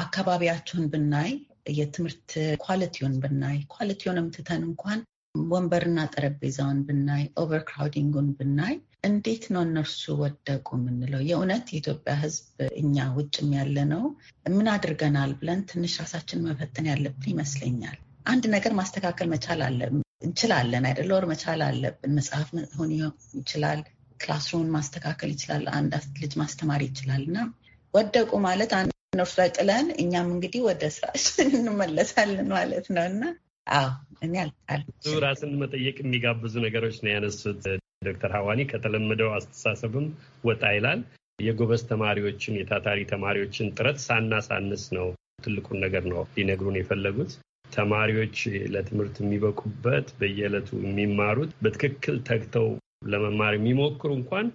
አካባቢያቸውን ብናይ የትምህርት ኳሊቲውን ብናይ ኳሊቲውንም ትተን እንኳን ወንበርና ጠረጴዛውን ብናይ ኦቨርክራውዲንጉን ብናይ እንዴት ነው እነሱ ወደቁ የምንለው? የእውነት የኢትዮጵያ ሕዝብ እኛ ውጭም ያለ ነው ምን አድርገናል ብለን ትንሽ ራሳችን መፈተን ያለብን ይመስለኛል። አንድ ነገር ማስተካከል መቻል አለ እንችላለን አይደለ? ወር መቻል አለብን። መጽሐፍ መሆን ይችላል፣ ክላስሩምን ማስተካከል ይችላል፣ አንድ ልጅ ማስተማር ይችላል። እና ወደቁ ማለት እነርሱ ላይ ጥለን እኛም እንግዲህ ወደ ስራችን እንመለሳለን ማለት ነው እና አዎ እኔ አልጣል ራስን መጠየቅ የሚጋብዙ ነገሮች ነው ያነሱት። ዶክተር ሀዋኒ ከተለመደው አስተሳሰብም ወጣ ይላል። የጎበዝ ተማሪዎችን የታታሪ ተማሪዎችን ጥረት ሳናሳንስ ነው። ትልቁን ነገር ነው ሊነግሩን የፈለጉት ተማሪዎች ለትምህርት የሚበቁበት በየዕለቱ የሚማሩት በትክክል ተግተው ለመማር የሚሞክሩ እንኳን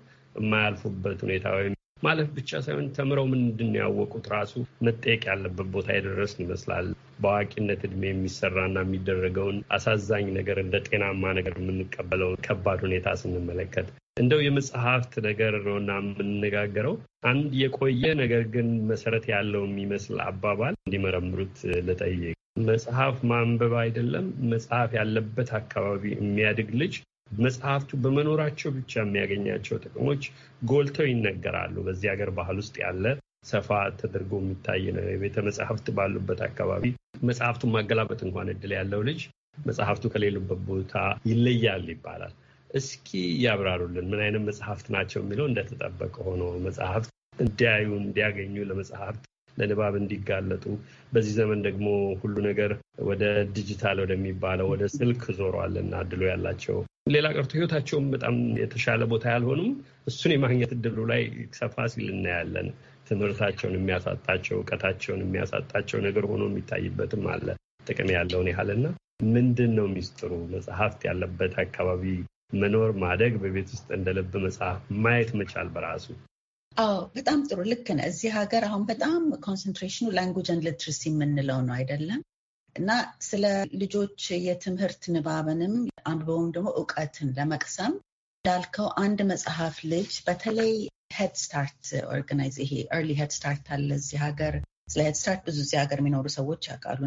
የማያልፉበት ሁኔታ ወይም ማለፍ ብቻ ሳይሆን ተምረው ምንድን ያወቁት ራሱ መጠየቅ ያለበት ቦታ የደረስን ይመስላል። በአዋቂነት እድሜ የሚሰራና የሚደረገውን አሳዛኝ ነገር እንደ ጤናማ ነገር የምንቀበለው ከባድ ሁኔታ ስንመለከት እንደው የመጽሐፍት ነገር ነውና የምንነጋገረው አንድ የቆየ ነገር ግን መሰረት ያለው የሚመስል አባባል እንዲመረምሩት ልጠይቅ። መጽሐፍ ማንበብ አይደለም መጽሐፍ ያለበት አካባቢ የሚያድግ ልጅ መጽሐፍቱ በመኖራቸው ብቻ የሚያገኛቸው ጥቅሞች ጎልተው ይነገራሉ። በዚህ ሀገር ባህል ውስጥ ያለ ሰፋ ተደርጎ የሚታይ ነው። የቤተ መጽሐፍት ባሉበት አካባቢ መጽሐፍቱን ማገላበጥ እንኳን እድል ያለው ልጅ መጽሐፍቱ ከሌሉበት ቦታ ይለያል ይባላል። እስኪ ያብራሩልን ምን አይነት መጽሐፍት ናቸው የሚለው እንደተጠበቀ ሆኖ መጽሐፍት እንዲያዩ እንዲያገኙ ለመጽሐፍት ለንባብ እንዲጋለጡ በዚህ ዘመን ደግሞ ሁሉ ነገር ወደ ዲጂታል ወደሚባለው ወደ ስልክ ዞሯል እና እድሉ ያላቸው ሌላ ቀርቶ ህይወታቸውም በጣም የተሻለ ቦታ ያልሆኑም እሱን የማግኘት እድሉ ላይ ሰፋ ሲል እናያለን። ትምህርታቸውን የሚያሳጣቸው እውቀታቸውን የሚያሳጣቸው ነገር ሆኖ የሚታይበትም አለ። ጥቅም ያለውን ያህልና ምንድን ነው ሚስጥሩ? መጽሐፍት ያለበት አካባቢ መኖር ማደግ፣ በቤት ውስጥ እንደ ልብ መጽሐፍ ማየት መቻል በራሱ አዎ በጣም ጥሩ ልክ ነህ። እዚህ ሀገር አሁን በጣም ኮንሰንትሬሽኑ ን ሊትረሲ የምንለው ነው አይደለም እና ስለ ልጆች የትምህርት ንባብንም አንብበውም ደግሞ እውቀትን ለመቅሰም እንዳልከው አንድ መጽሐፍ ልጅ በተለይ ሄድ ስታርት ኦርጋናይዝ ይሄ ኤርሊ ሄድ ስታርት አለ እዚህ ሀገር። ስለ ሄድ ስታርት ብዙ እዚህ ሀገር የሚኖሩ ሰዎች ያውቃሉ።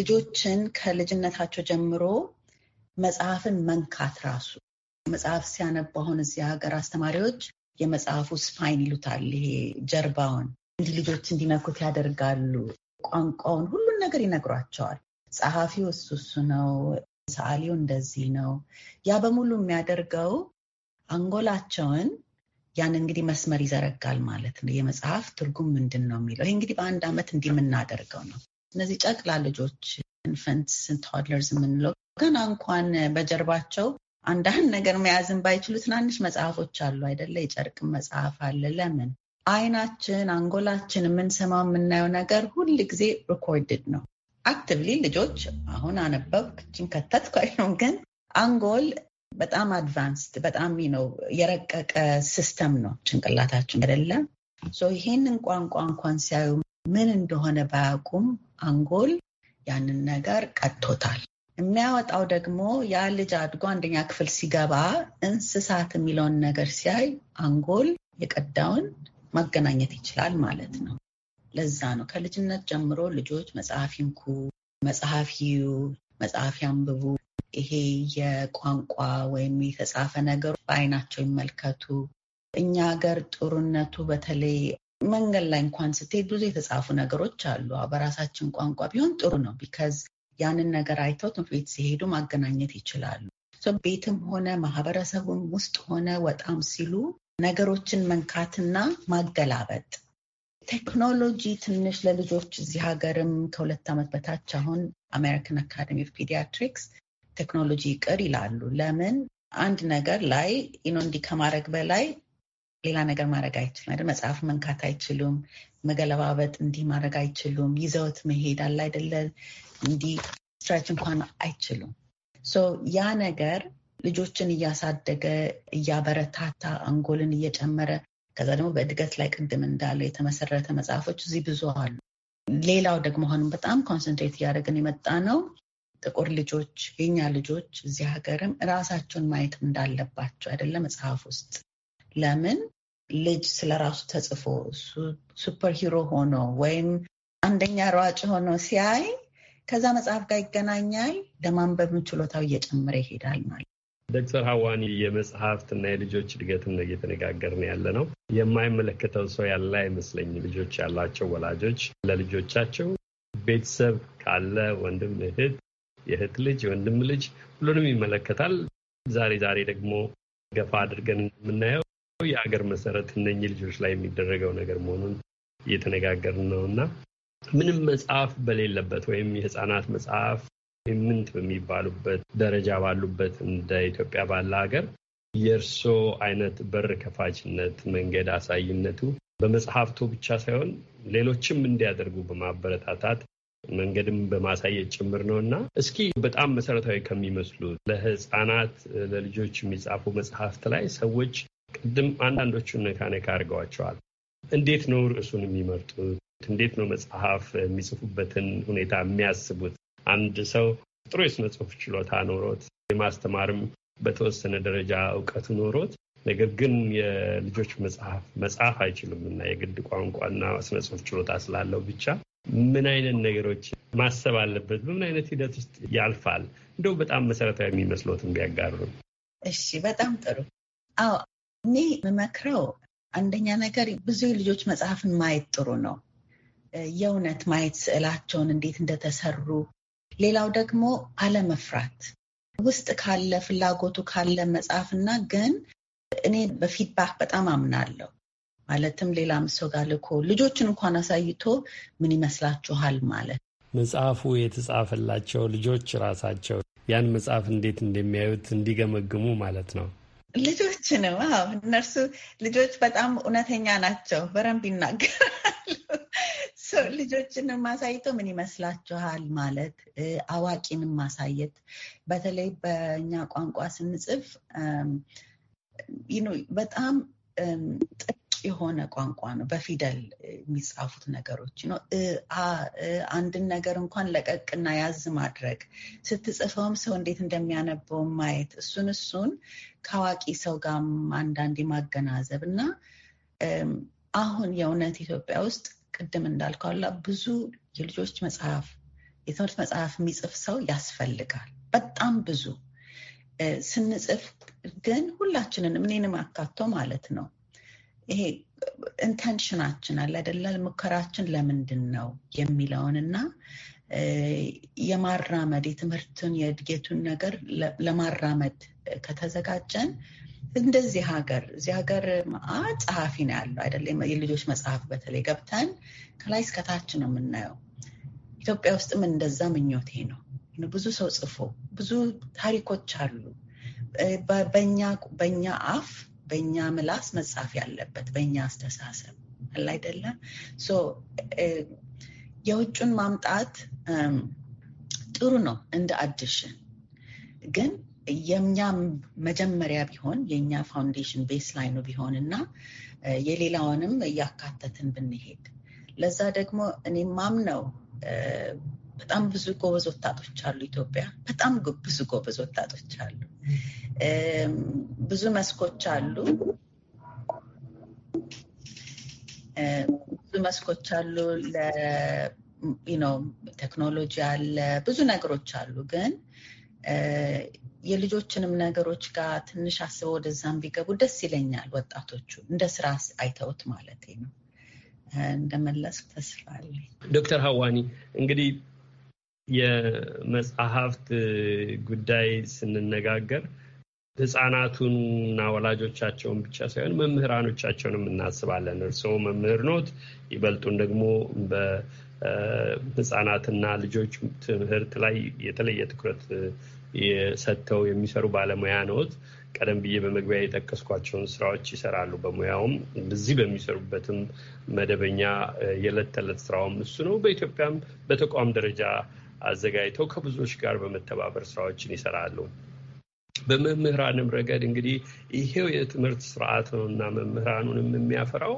ልጆችን ከልጅነታቸው ጀምሮ መጽሐፍን መንካት ራሱ መጽሐፍ ሲያነቡ አሁን እዚህ ሀገር አስተማሪዎች የመጽሐፉ ስፓይን ይሉታል። ይሄ ጀርባውን እንዲ ልጆች እንዲነኩት ያደርጋሉ። ቋንቋውን፣ ሁሉን ነገር ይነግሯቸዋል። ጸሐፊው እሱ እሱ ነው፣ ሰዓሊው እንደዚህ ነው። ያ በሙሉ የሚያደርገው አንጎላቸውን ያን እንግዲህ መስመር ይዘረጋል ማለት ነው። የመጽሐፍ ትርጉም ምንድን ነው የሚለው ይህ እንግዲህ በአንድ ዓመት እንዲህ የምናደርገው ነው። እነዚህ ጨቅላ ልጆች ኢንፈንትስ፣ ቶድለርስ የምንለው ገና እንኳን በጀርባቸው አንዳንድ ነገር መያዝን ባይችሉ ትናንሽ መጽሐፎች አሉ አይደለ? የጨርቅ መጽሐፍ አለ። ለምን አይናችን፣ አንጎላችን የምንሰማው የምናየው ነገር ሁል ጊዜ ሪኮርድድ ነው። አክቲቭሊ ልጆች አሁን አነበብ እችን ከተትኩ አይነው፣ ግን አንጎል በጣም አድቫንስድ በጣም ነው የረቀቀ ሲስተም ነው ጭንቅላታችን አይደለም። ይሄንን ቋንቋ እንኳን ሲያዩ ምን እንደሆነ ባያውቁም አንጎል ያንን ነገር ቀጥቶታል። የሚያወጣው ደግሞ ያ ልጅ አድጎ አንደኛ ክፍል ሲገባ እንስሳት የሚለውን ነገር ሲያይ አንጎል የቀዳውን ማገናኘት ይችላል ማለት ነው። ለዛ ነው ከልጅነት ጀምሮ ልጆች መጽሐፍ ይንኩ፣ መጽሐፍ ይዩ፣ መጽሐፍ ያንብቡ፣ ይሄ የቋንቋ ወይም የተጻፈ ነገር በአይናቸው ይመልከቱ። እኛ ሀገር ጥሩነቱ በተለይ መንገድ ላይ እንኳን ስትሄድ ብዙ የተጻፉ ነገሮች አሉ። በራሳችን ቋንቋ ቢሆን ጥሩ ነው ቢከዝ ያንን ነገር አይተው ትምህርት ቤት ሲሄዱ ማገናኘት ይችላሉ። ቤትም ሆነ ማህበረሰቡም ውስጥ ሆነ ወጣም ሲሉ ነገሮችን መንካትና ማገላበጥ ቴክኖሎጂ ትንሽ ለልጆች እዚህ ሀገርም ከሁለት ዓመት በታች አሁን አሜሪካን አካደሚ ኦፍ ቴክኖሎጂ ይቅር ይላሉ። ለምን አንድ ነገር ላይ እንዲህ ከማድረግ በላይ ሌላ ነገር ማድረግ አይችልም አይደል? መጽሐፍ መንካት አይችሉም። መገለባበጥ እንዲህ ማድረግ አይችሉም። ይዘውት መሄድ አለ አይደለ? እንዲህ ስትራች እንኳን አይችሉም። ያ ነገር ልጆችን እያሳደገ እያበረታታ አንጎልን እየጨመረ ከዛ ደግሞ በእድገት ላይ ቅድም እንዳለው የተመሰረተ መጽሐፎች እዚህ ብዙ አሉ። ሌላው ደግሞ አሁንም በጣም ኮንሰንትሬት እያደረግን የመጣ ነው ጥቁር ልጆች የኛ ልጆች እዚህ ሀገርም ራሳቸውን ማየት እንዳለባቸው አይደለም መጽሐፍ ውስጥ ለምን ልጅ ስለራሱ ተጽፎ ሱፐር ሂሮ ሆኖ ወይም አንደኛ ሯጭ ሆኖ ሲያይ ከዛ መጽሐፍ ጋር ይገናኛል። ለማንበብም ችሎታው እየጨመረ ይሄዳል ማለት ዶክተር ሀዋኒ የመጽሐፍትና የልጆች እድገትም ነው እየተነጋገርን ያለ ነው። የማይመለከተው ሰው ያለ አይመስለኝ። ልጆች ያላቸው ወላጆች ለልጆቻቸው ቤተሰብ ካለ ወንድም እህት፣ የእህት ልጅ፣ የወንድም ልጅ ሁሉንም ይመለከታል። ዛሬ ዛሬ ደግሞ ገፋ አድርገን የምናየው የሀገር መሰረት እነኚህ ልጆች ላይ የሚደረገው ነገር መሆኑን እየተነጋገርን ነው እና ምንም መጽሐፍ በሌለበት ወይም የህፃናት መጽሐፍ ምንት በሚባሉበት ደረጃ ባሉበት እንደ ኢትዮጵያ ባለ ሀገር የእርሶ አይነት በር ከፋችነት መንገድ አሳይነቱ በመጽሐፍቱ ብቻ ሳይሆን ሌሎችም እንዲያደርጉ በማበረታታት መንገድም በማሳየት ጭምር ነው እና እስኪ በጣም መሰረታዊ ከሚመስሉ ለህፃናት ለልጆች የሚጻፉ መጽሐፍት ላይ ሰዎች ቅድም አንዳንዶቹን ነካነካ አድርገዋቸዋል። እንዴት ነው ርዕሱን የሚመርጡት? እንዴት ነው መጽሐፍ የሚጽፉበትን ሁኔታ የሚያስቡት? አንድ ሰው ጥሩ የስነ ጽሁፍ ችሎታ ኖሮት የማስተማርም በተወሰነ ደረጃ እውቀቱ ኖሮት ነገር ግን የልጆች መጽሐፍ መጽሐፍ አይችልም እና የግድ ቋንቋና ስነ ችሎታ ስላለው ብቻ ምን አይነት ነገሮች ማሰብ አለበት? በምን አይነት ሂደት ውስጥ ያልፋል? እንደው በጣም መሰረታዊ የሚመስሎትን ቢያጋሩ። እሺ፣ በጣም ጥሩ። አዎ እኔ የምመክረው አንደኛ ነገር ብዙ ልጆች መጽሐፍን ማየት ጥሩ ነው። የእውነት ማየት ስዕላቸውን እንዴት እንደተሰሩ። ሌላው ደግሞ አለመፍራት ውስጥ ካለ ፍላጎቱ ካለ መጽሐፍና ግን እኔ በፊድባክ በጣም አምናለሁ። ማለትም ሌላም ሰው ጋር ልኮ ልጆችን እንኳን አሳይቶ ምን ይመስላችኋል ማለት መጽሐፉ የተጻፈላቸው ልጆች ራሳቸው ያን መጽሐፍ እንዴት እንደሚያዩት እንዲገመግሙ ማለት ነው። ልጆች ነው። አዎ እነርሱ ልጆች በጣም እውነተኛ ናቸው። በረንብ ይናገራሉ። ልጆችንም ማሳይቶ ምን ይመስላችኋል ማለት አዋቂንም ማሳየት በተለይ በእኛ ቋንቋ ስንጽፍ በጣም ጥቅ የሆነ ቋንቋ ነው። በፊደል የሚጻፉት ነገሮች ነው። አንድን ነገር እንኳን ለቀቅና ያዝ ማድረግ ስትጽፈውም ሰው እንዴት እንደሚያነበው ማየት እሱን እሱን ከአዋቂ ሰው ጋር አንዳንድ የማገናዘብ እና አሁን የእውነት ኢትዮጵያ ውስጥ ቅድም እንዳልኳላ ብዙ የልጆች መጽሐፍ፣ የትምህርት መጽሐፍ የሚጽፍ ሰው ያስፈልጋል። በጣም ብዙ ስንጽፍ ግን ሁላችንን እኔንም አካቶ ማለት ነው ይሄ ኢንተንሽናችን አለ አይደለ ሙከራችን ለምንድን ነው የሚለውን እና የማራመድ የትምህርቱን የእድጌቱን ነገር ለማራመድ ከተዘጋጀን እንደዚህ ሀገር እዚህ ሀገር ጸሐፊ ነው ያለው አይደለ የልጆች መጽሐፍ በተለይ ገብተን ከላይ እስከታች ነው የምናየው። ኢትዮጵያ ውስጥም እንደዛ ምኞቴ ነው። ብዙ ሰው ጽፎ ብዙ ታሪኮች አሉ። በእኛ አፍ በእኛ ምላስ መጻፍ ያለበት በእኛ አስተሳሰብ አለ አይደለም። የውጩን ማምጣት ጥሩ ነው እንደ አዲሽን ግን የኛ መጀመሪያ ቢሆን የኛ ፋውንዴሽን ቤስ ላይኑ ቢሆን እና የሌላውንም እያካተትን ብንሄድ ለዛ ደግሞ እኔ ማምነው በጣም ብዙ ጎበዝ ወጣቶች አሉ። ኢትዮጵያ በጣም ብዙ ጎበዝ ወጣቶች አሉ። ብዙ መስኮች አሉ። ብዙ መስኮች አሉ። ቴክኖሎጂ አለ። ብዙ ነገሮች አሉ። ግን የልጆችንም ነገሮች ጋር ትንሽ አስበው ወደዛም ቢገቡ ደስ ይለኛል። ወጣቶቹ እንደ ስራ አይተውት ማለት ነው። እንደመለስኩ ተስፋ አለኝ። ዶክተር ሀዋኒ እንግዲህ የመጽሐፍት ጉዳይ ስንነጋገር እና ወላጆቻቸውን ብቻ ሳይሆን መምህራኖቻቸውንም እናስባለን። እርስዎ መምህር ኖት፣ ይበልጡን ደግሞ በህጻናትና ልጆች ትምህርት ላይ የተለየ ትኩረት ሰጥተው የሚሰሩ ባለሙያ ኖት። ቀደም ብዬ በመግቢያ የጠቀስኳቸውን ስራዎች ይሰራሉ። በሙያውም በዚህ በሚሰሩበትም መደበኛ የዕለት ተዕለት ስራውም እሱ ነው። በኢትዮጵያም በተቋም ደረጃ አዘጋጅተው ከብዙዎች ጋር በመተባበር ስራዎችን ይሰራሉ። በመምህራንም ረገድ እንግዲህ ይሄው የትምህርት ስርዓት ነው እና መምህራኑንም የሚያፈራው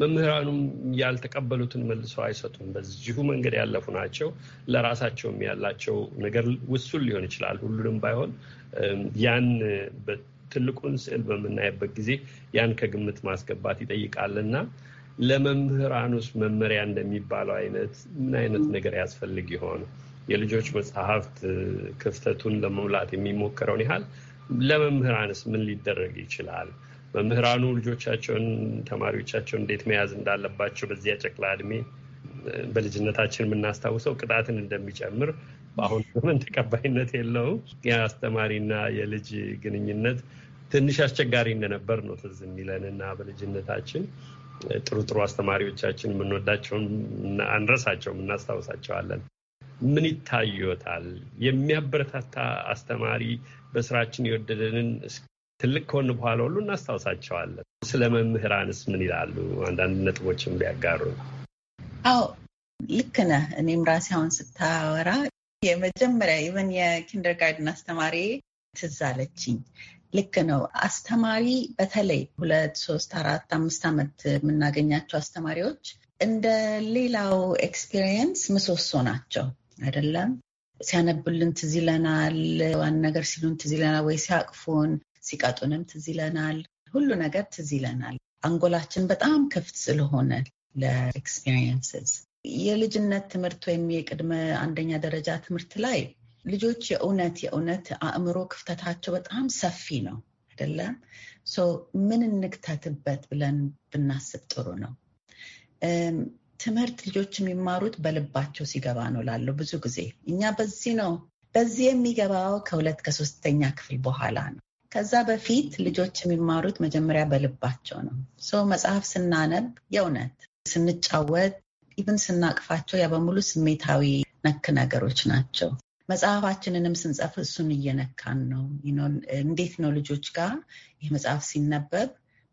መምህራኑም ያልተቀበሉትን መልሶ አይሰጡም። በዚሁ መንገድ ያለፉ ናቸው። ለራሳቸውም ያላቸው ነገር ውሱን ሊሆን ይችላል። ሁሉንም ባይሆን ያን ትልቁን ስዕል በምናይበት ጊዜ ያን ከግምት ማስገባት ይጠይቃልና ለመምህራኑስ መመሪያ እንደሚባለው አይነት ምን አይነት ነገር ያስፈልግ ይሆን? የልጆች መጽሐፍት ክፍተቱን ለመሙላት የሚሞክረውን ያህል ለመምህራንስ ምን ሊደረግ ይችላል? መምህራኑ ልጆቻቸውን፣ ተማሪዎቻቸውን እንዴት መያዝ እንዳለባቸው በዚያ ጨቅላ እድሜ በልጅነታችን የምናስታውሰው ቅጣትን እንደሚጨምር በአሁኑ ዘመን ተቀባይነት የለውም። የአስተማሪና የልጅ ግንኙነት ትንሽ አስቸጋሪ እንደነበር ነው ትዝ የሚለን እና በልጅነታችን ጥሩ ጥሩ አስተማሪዎቻችን የምንወዳቸውን አንረሳቸውም፣ እናስታውሳቸዋለን። ምን ይታዩታል? የሚያበረታታ አስተማሪ በስራችን የወደደንን ትልቅ ከሆን በኋላ ሁሉ እናስታውሳቸዋለን። ስለ መምህራንስ ምን ይላሉ? አንዳንድ ነጥቦችን ቢያጋሩ። አዎ ልክ ነህ። እኔም ራሴ አሁን ስታወራ የመጀመሪያ ኢቨን የኪንደርጋርድን አስተማሪ ትዝ አለችኝ። ልክ ነው። አስተማሪ በተለይ ሁለት ሶስት አራት አምስት ዓመት የምናገኛቸው አስተማሪዎች እንደ ሌላው ኤክስፒሪየንስ ምሰሶ ናቸው። አይደለም ሲያነቡልን ትዝ ይለናል። ዋን ነገር ሲሉን ትዝ ይለናል። ወይ ሲያቅፉን፣ ሲቀጡንም ትዝ ይለናል። ሁሉ ነገር ትዝ ይለናል። አንጎላችን በጣም ክፍት ስለሆነ ለኤክስፒሪየንስስ የልጅነት ትምህርት ወይም የቅድመ አንደኛ ደረጃ ትምህርት ላይ ልጆች የእውነት የእውነት አእምሮ ክፍተታቸው በጣም ሰፊ ነው አይደለም። ምን እንክተትበት ብለን ብናስብ ጥሩ ነው። ትምህርት ልጆች የሚማሩት በልባቸው ሲገባ ነው ላለው ብዙ ጊዜ እኛ በዚህ ነው በዚህ የሚገባው ከሁለት ከሶስተኛ ክፍል በኋላ ነው። ከዛ በፊት ልጆች የሚማሩት መጀመሪያ በልባቸው ነው። ሰው መጽሐፍ ስናነብ የእውነት ስንጫወት፣ ኢብን ስናቅፋቸው ያ በሙሉ ስሜታዊ ነክ ነገሮች ናቸው። መጽሐፋችንንም ስንጸፍ እሱን እየነካን ነው። እንዴት ነው ልጆች ጋር ይህ መጽሐፍ ሲነበብ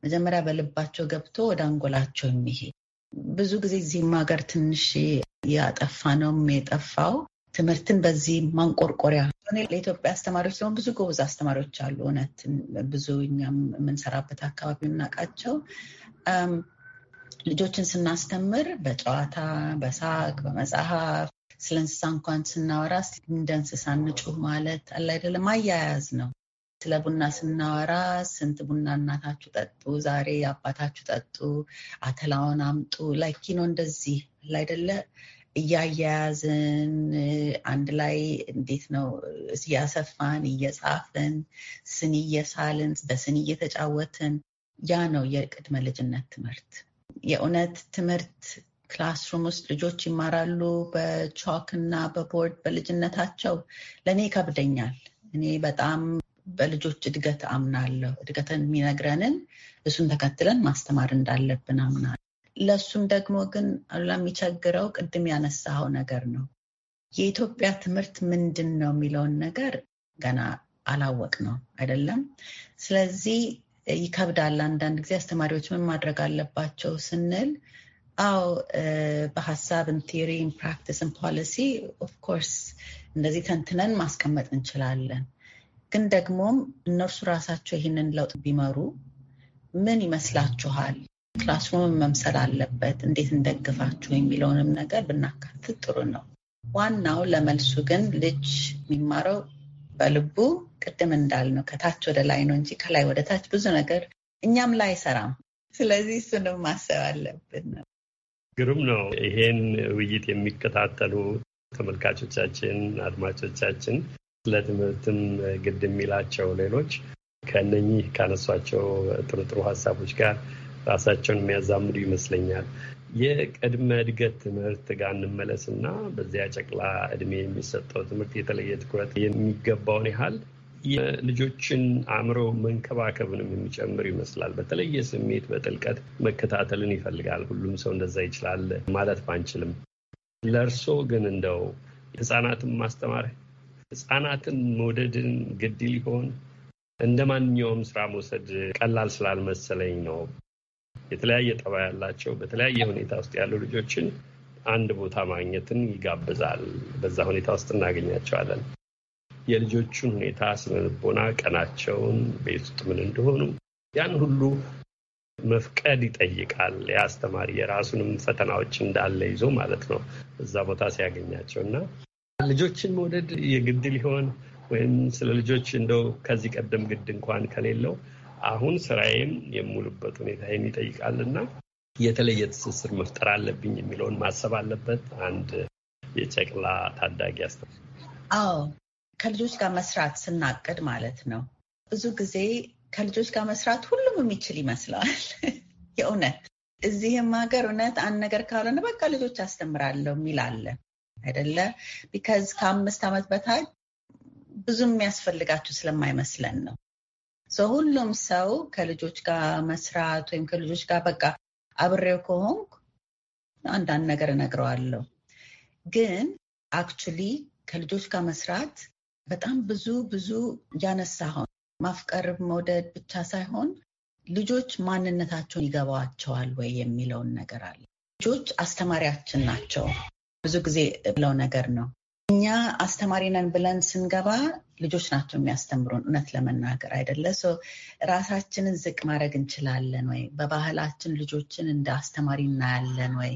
መጀመሪያ በልባቸው ገብቶ ወደ አንጎላቸው የሚሄድ ብዙ ጊዜ እዚህም ሀገር ትንሽ ያጠፋ ነው የጠፋው ትምህርትን በዚህ ማንቆርቆሪያ ለኢትዮጵያ አስተማሪዎች ሲሆን ብዙ ጎበዝ አስተማሪዎች አሉ። እውነት ብዙ እኛም የምንሰራበት አካባቢ የምናውቃቸው ልጆችን ስናስተምር በጨዋታ በሳቅ በመጽሐፍ ስለ እንስሳ እንኳን ስናወራ እንደ እንስሳ እንጩህ ማለት አለ አይደለም፣ አያያዝ ነው። ስለ ቡና ስናወራ ስንት ቡና እናታችሁ ጠጡ፣ ዛሬ አባታችሁ ጠጡ፣ አተላውን አምጡ ላይኪ ነው እንደዚህ ላይደለ እያያያዝን አንድ ላይ እንዴት ነው እያሰፋን እየጻፍን ስኒ እየሳልን በስኒ እየተጫወትን ያ ነው የቅድመ ልጅነት ትምህርት። የእውነት ትምህርት ክላስሩም ውስጥ ልጆች ይማራሉ በቾክ እና በቦርድ በልጅነታቸው። ለእኔ ይከብደኛል። እኔ በጣም በልጆች እድገት አምናለሁ። እድገትን የሚነግረንን እሱን ተከትለን ማስተማር እንዳለብን አምናለሁ። ለእሱም ደግሞ ግን አሉላ የሚቸግረው ቅድም ያነሳኸው ነገር ነው። የኢትዮጵያ ትምህርት ምንድን ነው የሚለውን ነገር ገና አላወቅ ነው አይደለም። ስለዚህ ይከብዳል። አንዳንድ ጊዜ አስተማሪዎች ምን ማድረግ አለባቸው ስንል አው በሀሳብን ቲዮሪን ፕራክቲስን ፖሊሲ ኦፍኮርስ እንደዚህ ተንትነን ማስቀመጥ እንችላለን። ግን ደግሞም እነርሱ ራሳቸው ይህንን ለውጥ ቢመሩ ምን ይመስላችኋል? ክላስሩም መምሰል አለበት፣ እንዴት እንደግፋችሁ የሚለውንም ነገር ብናካትት ጥሩ ነው። ዋናው ለመልሱ ግን ልጅ የሚማረው በልቡ ቅድም እንዳልነው ከታች ወደ ላይ ነው እንጂ ከላይ ወደ ታች ብዙ ነገር እኛም ላይ አይሰራም። ስለዚህ እሱንም ማሰብ አለብን ነው። ግሩም ነው። ይሄን ውይይት የሚከታተሉ ተመልካቾቻችን፣ አድማጮቻችን ለትምህርትም ግድ የሚላቸው ሌሎች ከነኚህ ካነሷቸው ጥሩ ጥሩ ሀሳቦች ጋር ራሳቸውን የሚያዛምዱ ይመስለኛል። የቅድመ እድገት ትምህርት ጋር እንመለስና በዚያ ጨቅላ እድሜ የሚሰጠው ትምህርት የተለየ ትኩረት የሚገባውን ያህል የልጆችን አእምሮ መንከባከብንም የሚጨምር ይመስላል። በተለየ ስሜት በጥልቀት መከታተልን ይፈልጋል። ሁሉም ሰው እንደዛ ይችላል ማለት ባንችልም፣ ለእርሶ ግን እንደው ህፃናትን ማስተማር ህጻናትን መውደድን ግድ ሊሆን እንደ ማንኛውም ስራ መውሰድ ቀላል ስላልመሰለኝ ነው። የተለያየ ጠባ ያላቸው በተለያየ ሁኔታ ውስጥ ያሉ ልጆችን አንድ ቦታ ማግኘትን ይጋብዛል። በዛ ሁኔታ ውስጥ እናገኛቸዋለን። የልጆቹን ሁኔታ ስነልቦና፣ ቀናቸውን፣ ቤት ውስጥ ምን እንደሆኑ ያን ሁሉ መፍቀድ ይጠይቃል። የአስተማሪ የራሱንም ፈተናዎች እንዳለ ይዞ ማለት ነው እዛ ቦታ ሲያገኛቸው እና ልጆችን መውደድ የግድ ሊሆን ወይም ስለ ልጆች እንደው ከዚህ ቀደም ግድ እንኳን ከሌለው አሁን ስራዬም የሙሉበት ሁኔታ ይጠይቃልና የተለየ ትስስር መፍጠር አለብኝ የሚለውን ማሰብ አለበት። አንድ የጨቅላ ታዳጊ አስ አዎ፣ ከልጆች ጋር መስራት ስናቅድ ማለት ነው። ብዙ ጊዜ ከልጆች ጋር መስራት ሁሉም የሚችል ይመስለዋል። የእውነት እዚህም ሀገር እውነት አንድ ነገር ካልሆነ በቃ ልጆች አስተምራለሁ የሚል አለ። አይደለ? ቢካዝ ከአምስት ዓመት በታች ብዙም የሚያስፈልጋቸው ስለማይመስለን ነው። ሁሉም ሰው ከልጆች ጋር መስራት ወይም ከልጆች ጋር በቃ አብሬው ከሆንኩ አንዳንድ ነገር እነግረዋለሁ። ግን አክቹሊ ከልጆች ጋር መስራት በጣም ብዙ ብዙ ያነሳኸውን ማፍቀር መውደድ ብቻ ሳይሆን ልጆች ማንነታቸውን ይገባቸዋል ወይ የሚለውን ነገር አለ። ልጆች አስተማሪያችን ናቸው። ብዙ ጊዜ ብለው ነገር ነው። እኛ አስተማሪ ነን ብለን ስንገባ ልጆች ናቸው የሚያስተምሩን። እውነት ለመናገር አይደለ ራሳችንን ዝቅ ማድረግ እንችላለን ወይ? በባህላችን ልጆችን እንደ አስተማሪ እናያለን ወይ?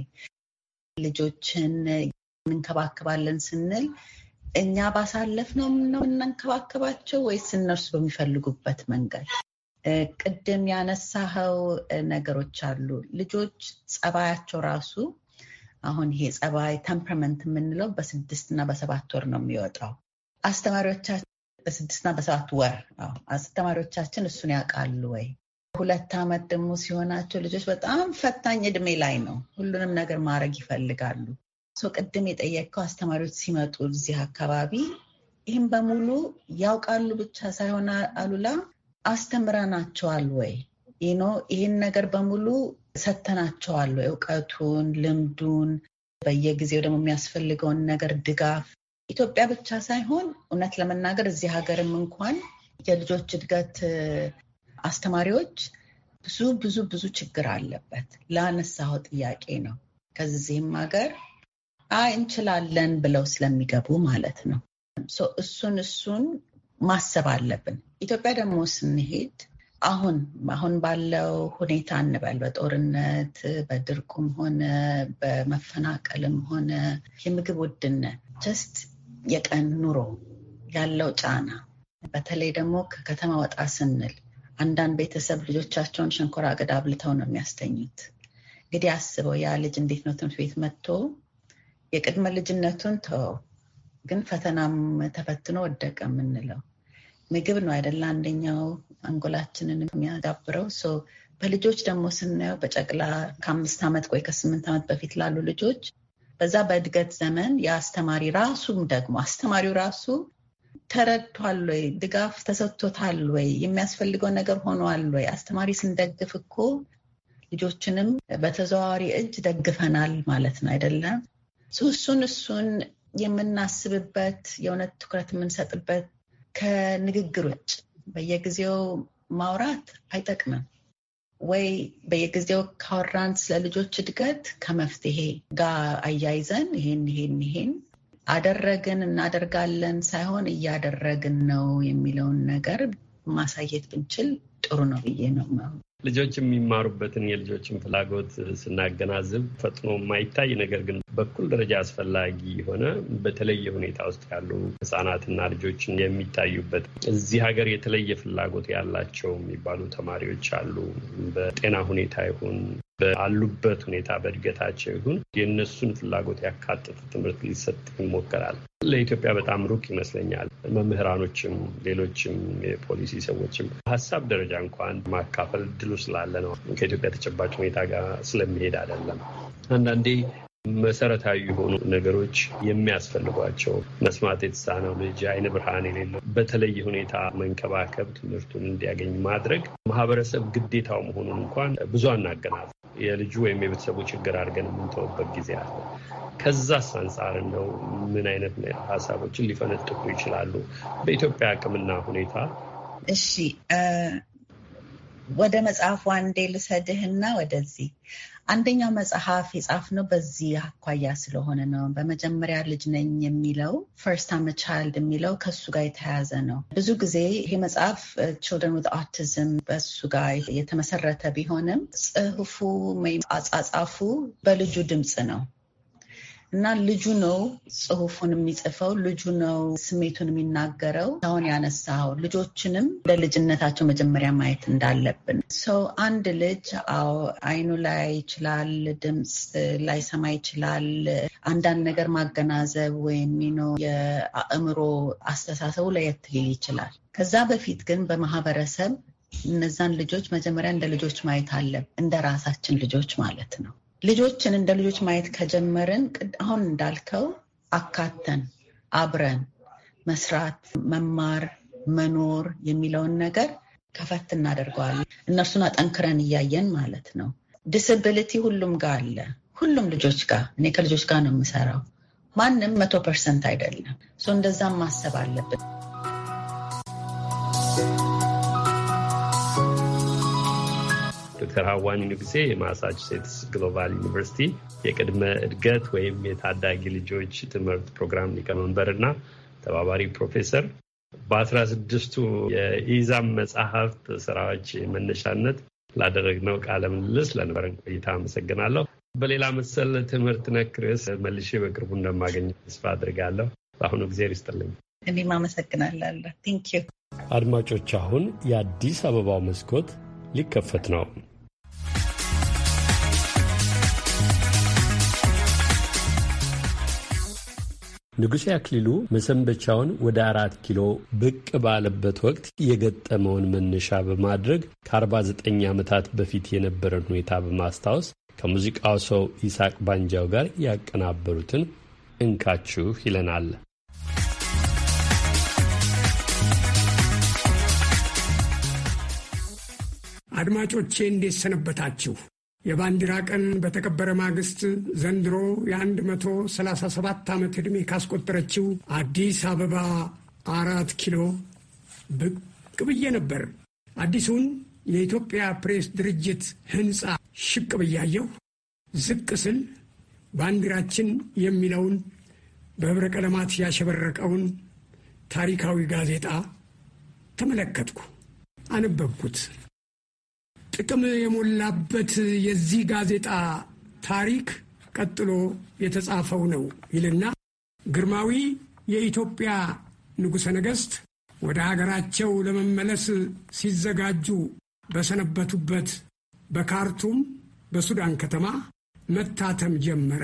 ልጆችን እንንከባከባለን ስንል እኛ ባሳለፍ ነው ነው የምናንከባከባቸው ወይስ እነርሱ በሚፈልጉበት መንገድ? ቅድም ያነሳኸው ነገሮች አሉ። ልጆች ጸባያቸው ራሱ አሁን ይሄ ጸባይ ተምፐረመንት የምንለው በስድስትና በሰባት ወር ነው የሚወጣው። አስተማሪዎቻችን በስድስትና በሰባት ወር አስተማሪዎቻችን እሱን ያውቃሉ ወይ? ሁለት ዓመት ደግሞ ሲሆናቸው ልጆች በጣም ፈታኝ እድሜ ላይ ነው። ሁሉንም ነገር ማድረግ ይፈልጋሉ። ቅድም የጠየቀው አስተማሪዎች ሲመጡ እዚህ አካባቢ ይህም በሙሉ ያውቃሉ ብቻ ሳይሆን አሉላ አስተምረናቸዋል ወይ? ይህን ነገር በሙሉ ሰጥተናቸዋል። እውቀቱን፣ ልምዱን በየጊዜው ደግሞ የሚያስፈልገውን ነገር ድጋፍ ኢትዮጵያ ብቻ ሳይሆን እውነት ለመናገር እዚህ ሀገርም እንኳን የልጆች እድገት አስተማሪዎች ብዙ ብዙ ብዙ ችግር አለበት። ላነሳኸው ጥያቄ ነው። ከዚህም ሀገር አይ እንችላለን ብለው ስለሚገቡ ማለት ነው። እሱን እሱን ማሰብ አለብን። ኢትዮጵያ ደግሞ ስንሄድ አሁን አሁን ባለው ሁኔታ እንበል በጦርነት በድርቁም ሆነ በመፈናቀልም ሆነ የምግብ ውድነት ጀስት የቀን ኑሮ ያለው ጫና በተለይ ደግሞ ከከተማ ወጣ ስንል አንዳንድ ቤተሰብ ልጆቻቸውን ሸንኮራ አገዳ አብልተው ነው የሚያስተኙት። እንግዲህ አስበው ያ ልጅ እንዴት ነው ትምህርት ቤት መጥቶ የቅድመ ልጅነቱን ተወው፣ ግን ፈተናም ተፈትኖ ወደቀ የምንለው ምግብ ነው አይደለ? አንደኛው አንጎላችንን የሚያዳብረው በልጆች ደግሞ ስናየው በጨቅላ ከአምስት ዓመት ወይ ከስምንት ዓመት በፊት ላሉ ልጆች በዛ በእድገት ዘመን የአስተማሪ ራሱም ደግሞ አስተማሪው ራሱ ተረድቷል ወይ፣ ድጋፍ ተሰጥቶታል ወይ፣ የሚያስፈልገው ነገር ሆኗል ወይ፣ አስተማሪ ስንደግፍ እኮ ልጆችንም በተዘዋዋሪ እጅ ደግፈናል ማለት ነው አይደለም። እሱን እሱን የምናስብበት የእውነት ትኩረት የምንሰጥበት ከንግግር ውጭ በየጊዜው ማውራት አይጠቅምም። ወይ በየጊዜው ካወራን ስለ ልጆች እድገት ከመፍትሄ ጋር አያይዘን ይሄን ይሄን ይሄን አደረግን እናደርጋለን ሳይሆን እያደረግን ነው የሚለውን ነገር ማሳየት ብንችል ጥሩ ነው ብዬ ነው። ልጆች የሚማሩበትን የልጆችን ፍላጎት ስናገናዝብ ፈጥኖ የማይታይ ነገር ግን በኩል ደረጃ አስፈላጊ የሆነ በተለየ ሁኔታ ውስጥ ያሉ ህጻናትና ልጆችን የሚታዩበት እዚህ ሀገር የተለየ ፍላጎት ያላቸው የሚባሉ ተማሪዎች አሉ። በጤና ሁኔታ ይሁን በአሉበት ሁኔታ በእድገታቸው ይሁን የእነሱን ፍላጎት ያካተተ ትምህርት ሊሰጥ ይሞከራል። ለኢትዮጵያ በጣም ሩቅ ይመስለኛል። መምህራኖችም ሌሎችም የፖሊሲ ሰዎችም ሀሳብ ደረጃ እንኳን ማካፈል እድሉ ስላለ ነው። ከኢትዮጵያ ተጨባጭ ሁኔታ ጋር ስለሚሄድ አይደለም። አንዳንዴ መሰረታዊ የሆኑ ነገሮች የሚያስፈልጓቸው መስማት የተሳነው ልጅ አይነ ብርሃን የሌለው በተለየ ሁኔታ መንከባከብ፣ ትምህርቱን እንዲያገኝ ማድረግ ማህበረሰብ ግዴታው መሆኑን እንኳን ብዙ አናገናዝ የልጁ ወይም የቤተሰቡ ችግር አድርገን የምንተውበት ጊዜ አለ። ከዛስ አንጻር እንደው ምን አይነት ሀሳቦችን ሊፈነጥቁ ይችላሉ? በኢትዮጵያ አቅምና ሁኔታ። እሺ፣ ወደ መጽሐፉ አንዴ ልሰድህና ወደዚህ አንደኛው መጽሐፍ የጻፍነው በዚህ አኳያ ስለሆነ ነው። በመጀመሪያ ልጅ ነኝ የሚለው ፈርስት አም ቻይልድ የሚለው ከሱ ጋር የተያያዘ ነው። ብዙ ጊዜ ይሄ መጽሐፍ ችልድረን ዊዝ አውቲዝም በሱ ጋር የተመሰረተ ቢሆንም ጽሁፉ ወይም አጻጻፉ በልጁ ድምፅ ነው። እና ልጁ ነው ጽሁፉን የሚጽፈው፣ ልጁ ነው ስሜቱን የሚናገረው። አሁን ያነሳው ልጆችንም እንደ ልጅነታቸው መጀመሪያ ማየት እንዳለብን ሰው አንድ ልጅ አዎ አይኑ ላይ ይችላል፣ ድምፅ ሰማይ ይችላል። አንዳንድ ነገር ማገናዘብ ወይም ነው የአእምሮ አስተሳሰቡ ለየት ሊል ይችላል። ከዛ በፊት ግን በማህበረሰብ እነዛን ልጆች መጀመሪያ እንደ ልጆች ማየት አለብን፣ እንደ ራሳችን ልጆች ማለት ነው። ልጆችን እንደ ልጆች ማየት ከጀመርን አሁን እንዳልከው አካተን አብረን መስራት፣ መማር፣ መኖር የሚለውን ነገር ከፈት እናደርገዋለን። እነርሱን አጠንክረን እያየን ማለት ነው። ዲስብሊቲ ሁሉም ጋር አለ፣ ሁሉም ልጆች ጋር። እኔ ከልጆች ጋር ነው የምሰራው። ማንም መቶ ፐርሰንት አይደለም። እንደዛም ማሰብ አለብን። ዶክተር ሀዋ ጊዜ የማሳቹሴትስ ግሎባል ዩኒቨርሲቲ የቅድመ እድገት ወይም የታዳጊ ልጆች ትምህርት ፕሮግራም ሊቀመንበር ሊቀመንበርና ተባባሪ ፕሮፌሰር በአስራ ስድስቱ የኢዛም መጽሐፍት ስራዎች መነሻነት ላደረግነው ቃለ ምልልስ ለነበረን ቆይታ አመሰግናለሁ። በሌላ መሰል ትምህርት ነክ ርዕስ መልሼ በቅርቡ እንደማገኘ ተስፋ አድርጋለሁ። በአሁኑ ጊዜ ይስጥልኝ። እኔም አመሰግናለሁ። ቴንክ ዩ። አድማጮች አሁን የአዲስ አበባው መስኮት ሊከፈት ነው። ንጉሴ አክሊሉ መሰንበቻውን ወደ አራት ኪሎ ብቅ ባለበት ወቅት የገጠመውን መነሻ በማድረግ ከ49 ዓመታት በፊት የነበረን ሁኔታ በማስታወስ ከሙዚቃው ሰው ይስሐቅ ባንጃው ጋር ያቀናበሩትን እንካችሁ ይለናል። አድማጮቼ እንዴት ሰነበታችሁ? የባንዲራ ቀን በተከበረ ማግስት ዘንድሮ የ137 ዓመት ዕድሜ ካስቆጠረችው አዲስ አበባ አራት ኪሎ ብቅ ብዬ ነበር። አዲሱን የኢትዮጵያ ፕሬስ ድርጅት ህንፃ ሽቅ ብያየሁ። ዝቅ ስል ባንዲራችን የሚለውን በህብረ ቀለማት ያሸበረቀውን ታሪካዊ ጋዜጣ ተመለከትኩ፣ አነበብኩት። ጥቅም የሞላበት የዚህ ጋዜጣ ታሪክ ቀጥሎ የተጻፈው ነው ይልና ግርማዊ የኢትዮጵያ ንጉሠ ነገሥት ወደ ሀገራቸው ለመመለስ ሲዘጋጁ በሰነበቱበት በካርቱም በሱዳን ከተማ መታተም ጀመረ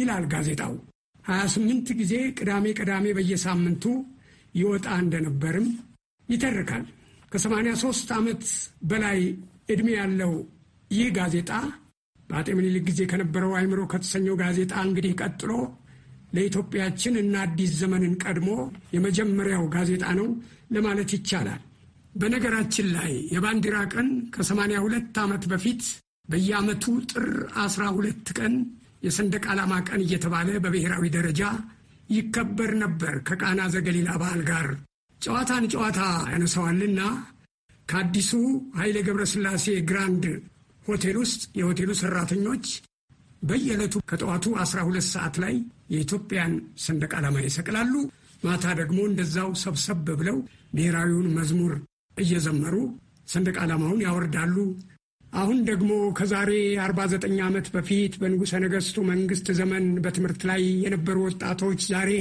ይላል ጋዜጣው። 28 ጊዜ ቅዳሜ ቅዳሜ በየሳምንቱ ይወጣ እንደነበርም ይተርካል። ከ83 ዓመት በላይ እድሜ ያለው ይህ ጋዜጣ በአጤ ምኒልክ ጊዜ ከነበረው አይምሮ ከተሰኘው ጋዜጣ እንግዲህ ቀጥሎ ለኢትዮጵያችን እና አዲስ ዘመንን ቀድሞ የመጀመሪያው ጋዜጣ ነው ለማለት ይቻላል። በነገራችን ላይ የባንዲራ ቀን ከ82 ዓመት በፊት በየዓመቱ ጥር 12 ቀን የሰንደቅ ዓላማ ቀን እየተባለ በብሔራዊ ደረጃ ይከበር ነበር። ከቃና ዘገሊላ በዓል ጋር ጨዋታን ጨዋታ ያነሳዋልና ከአዲሱ ኃይሌ ገብረስላሴ ግራንድ ሆቴል ውስጥ የሆቴሉ ሰራተኞች በየዕለቱ ከጠዋቱ 12 ሰዓት ላይ የኢትዮጵያን ሰንደቅ ዓላማ ይሰቅላሉ። ማታ ደግሞ እንደዛው ሰብሰብ ብለው ብሔራዊውን መዝሙር እየዘመሩ ሰንደቅ ዓላማውን ያወርዳሉ። አሁን ደግሞ ከዛሬ 49 ዓመት በፊት በንጉሠ ነገሥቱ መንግሥት ዘመን በትምህርት ላይ የነበሩ ወጣቶች ዛሬ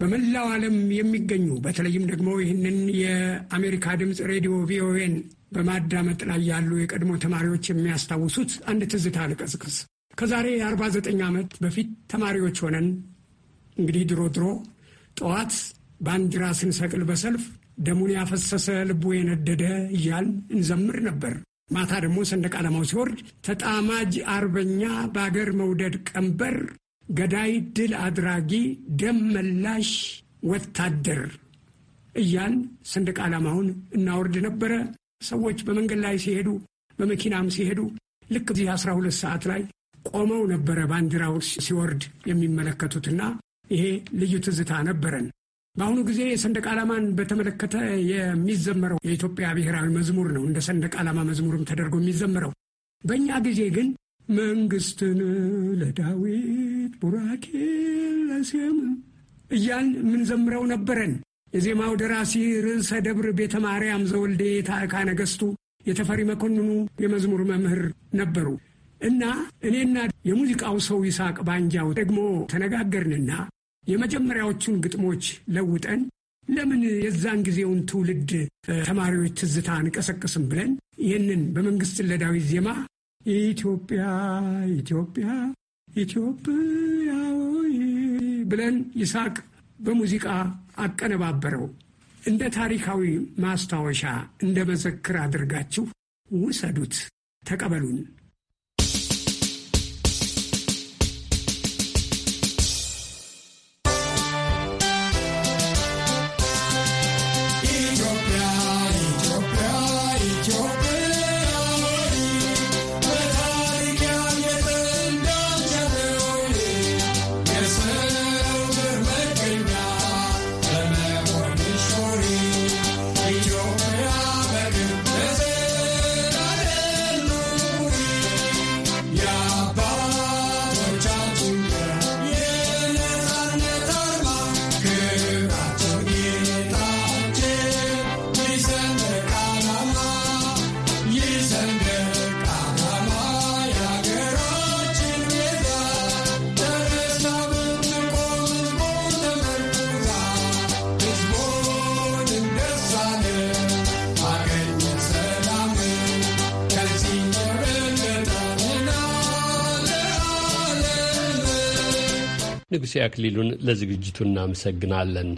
በመላው ዓለም የሚገኙ በተለይም ደግሞ ይህንን የአሜሪካ ድምፅ ሬዲዮ ቪኦኤን በማዳመጥ ላይ ያሉ የቀድሞ ተማሪዎች የሚያስታውሱት አንድ ትዝታ ልቀስቅስ። ከዛሬ የ49 ዓመት በፊት ተማሪዎች ሆነን እንግዲህ ድሮ ድሮ ጠዋት ባንዲራ ስንሰቅል በሰልፍ ደሙን ያፈሰሰ ልቡ የነደደ እያል እንዘምር ነበር። ማታ ደግሞ ሰንደቅ ዓላማው ሲወርድ ተጣማጅ አርበኛ በአገር መውደድ ቀንበር ገዳይ ድል አድራጊ ደም መላሽ ወታደር እያል ሰንደቅ ዓላማውን እናወርድ ነበረ። ሰዎች በመንገድ ላይ ሲሄዱ፣ በመኪናም ሲሄዱ ልክ እዚህ 12 ሰዓት ላይ ቆመው ነበረ ባንዲራው ሲወርድ የሚመለከቱትና ይሄ ልዩ ትዝታ ነበረን። በአሁኑ ጊዜ የሰንደቅ ዓላማን በተመለከተ የሚዘመረው የኢትዮጵያ ብሔራዊ መዝሙር ነው። እንደ ሰንደቅ ዓላማ መዝሙርም ተደርጎ የሚዘመረው። በእኛ ጊዜ ግን መንግስትን ለዳዊት ቡራኬ ለሴም እያን የምንዘምረው ነበረን። የዜማው ደራሲ ርዕሰ ደብር ቤተ ማርያም ዘወልዴ ታዕካ ነገሥቱ የተፈሪ መኮንኑ የመዝሙር መምህር ነበሩ እና እኔና የሙዚቃው ሰው ይሳቅ ባንጃው ደግሞ ተነጋገርንና የመጀመሪያዎቹን ግጥሞች ለውጠን ለምን የዛን ጊዜውን ትውልድ ተማሪዎች ትዝታ አንቀሰቅስም ብለን ይህንን በመንግስትን ለዳዊት ዜማ ኢትዮጵያ ኢትዮጵያ ኢትዮጵያ ብለን ይስሐቅ በሙዚቃ አቀነባበረው። እንደ ታሪካዊ ማስታወሻ እንደ መዘክር አድርጋችሁ ውሰዱት፣ ተቀበሉን። ንጉሴ አክሊሉን ለዝግጅቱ እናመሰግናለን።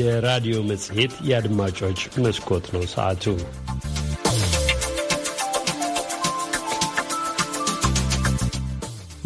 የራዲዮ መጽሔት የአድማጮች መስኮት ነው ሰዓቱ።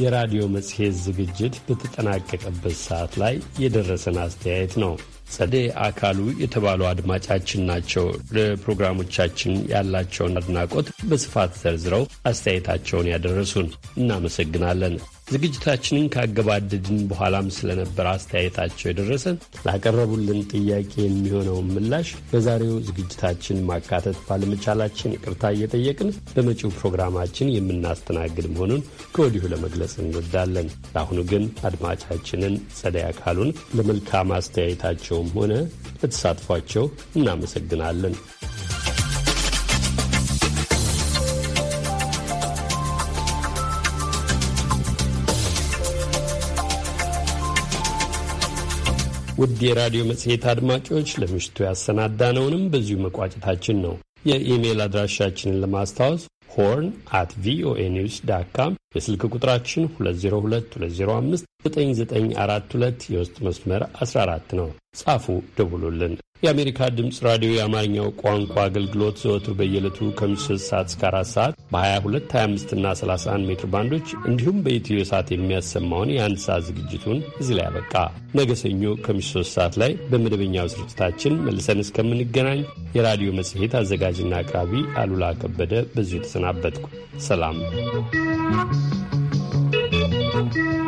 የራዲዮ መጽሔት ዝግጅት በተጠናቀቀበት ሰዓት ላይ የደረሰን አስተያየት ነው። ጸደይ አካሉ የተባሉ አድማጫችን ናቸው። ለፕሮግራሞቻችን ያላቸውን አድናቆት በስፋት ዘርዝረው አስተያየታቸውን ያደረሱን እናመሰግናለን። ዝግጅታችንን ካገባደድን በኋላም ስለነበር አስተያየታቸው የደረሰን ላቀረቡልን ጥያቄ የሚሆነውን ምላሽ በዛሬው ዝግጅታችን ማካተት ባለመቻላችን ይቅርታ እየጠየቅን በመጪው ፕሮግራማችን የምናስተናግድ መሆኑን ከወዲሁ ለመግለጽ እንወዳለን። ለአሁኑ ግን አድማጫችንን ጸደይ አካሉን ለመልካም አስተያየታቸውም ሆነ ለተሳትፏቸው እናመሰግናለን። ውድ የራዲዮ መጽሔት አድማጮች ለምሽቱ ነውንም በዚሁ መቋጨታችን ነው። የኢሜይል አድራሻችንን ለማስታወስ ሆርን አት ቪኦኤ ኒውስ ዳት ካም የስልክ ቁጥራችን 2022059942 የውስጥ መስመር 14 ነው። ጻፉ፣ ደውሉልን። የአሜሪካ ድምፅ ራዲዮ የአማርኛው ቋንቋ አገልግሎት ዘወትር በየዕለቱ ከ3 ሰዓት እስከ 4 ሰዓት በ22፣ 25 እና 31 ሜትር ባንዶች እንዲሁም በኢትዮ ሰዓት የሚያሰማውን የአንድ ሰዓት ዝግጅቱን እዚህ ላይ ያበቃ። ነገ ሰኞ ከ3 ሰዓት ላይ በመደበኛው ስርጭታችን መልሰን እስከምንገናኝ የራዲዮ መጽሔት አዘጋጅና አቅራቢ አሉላ ከበደ በዚሁ ተሰናበትኩ። ሰላም። Thank you.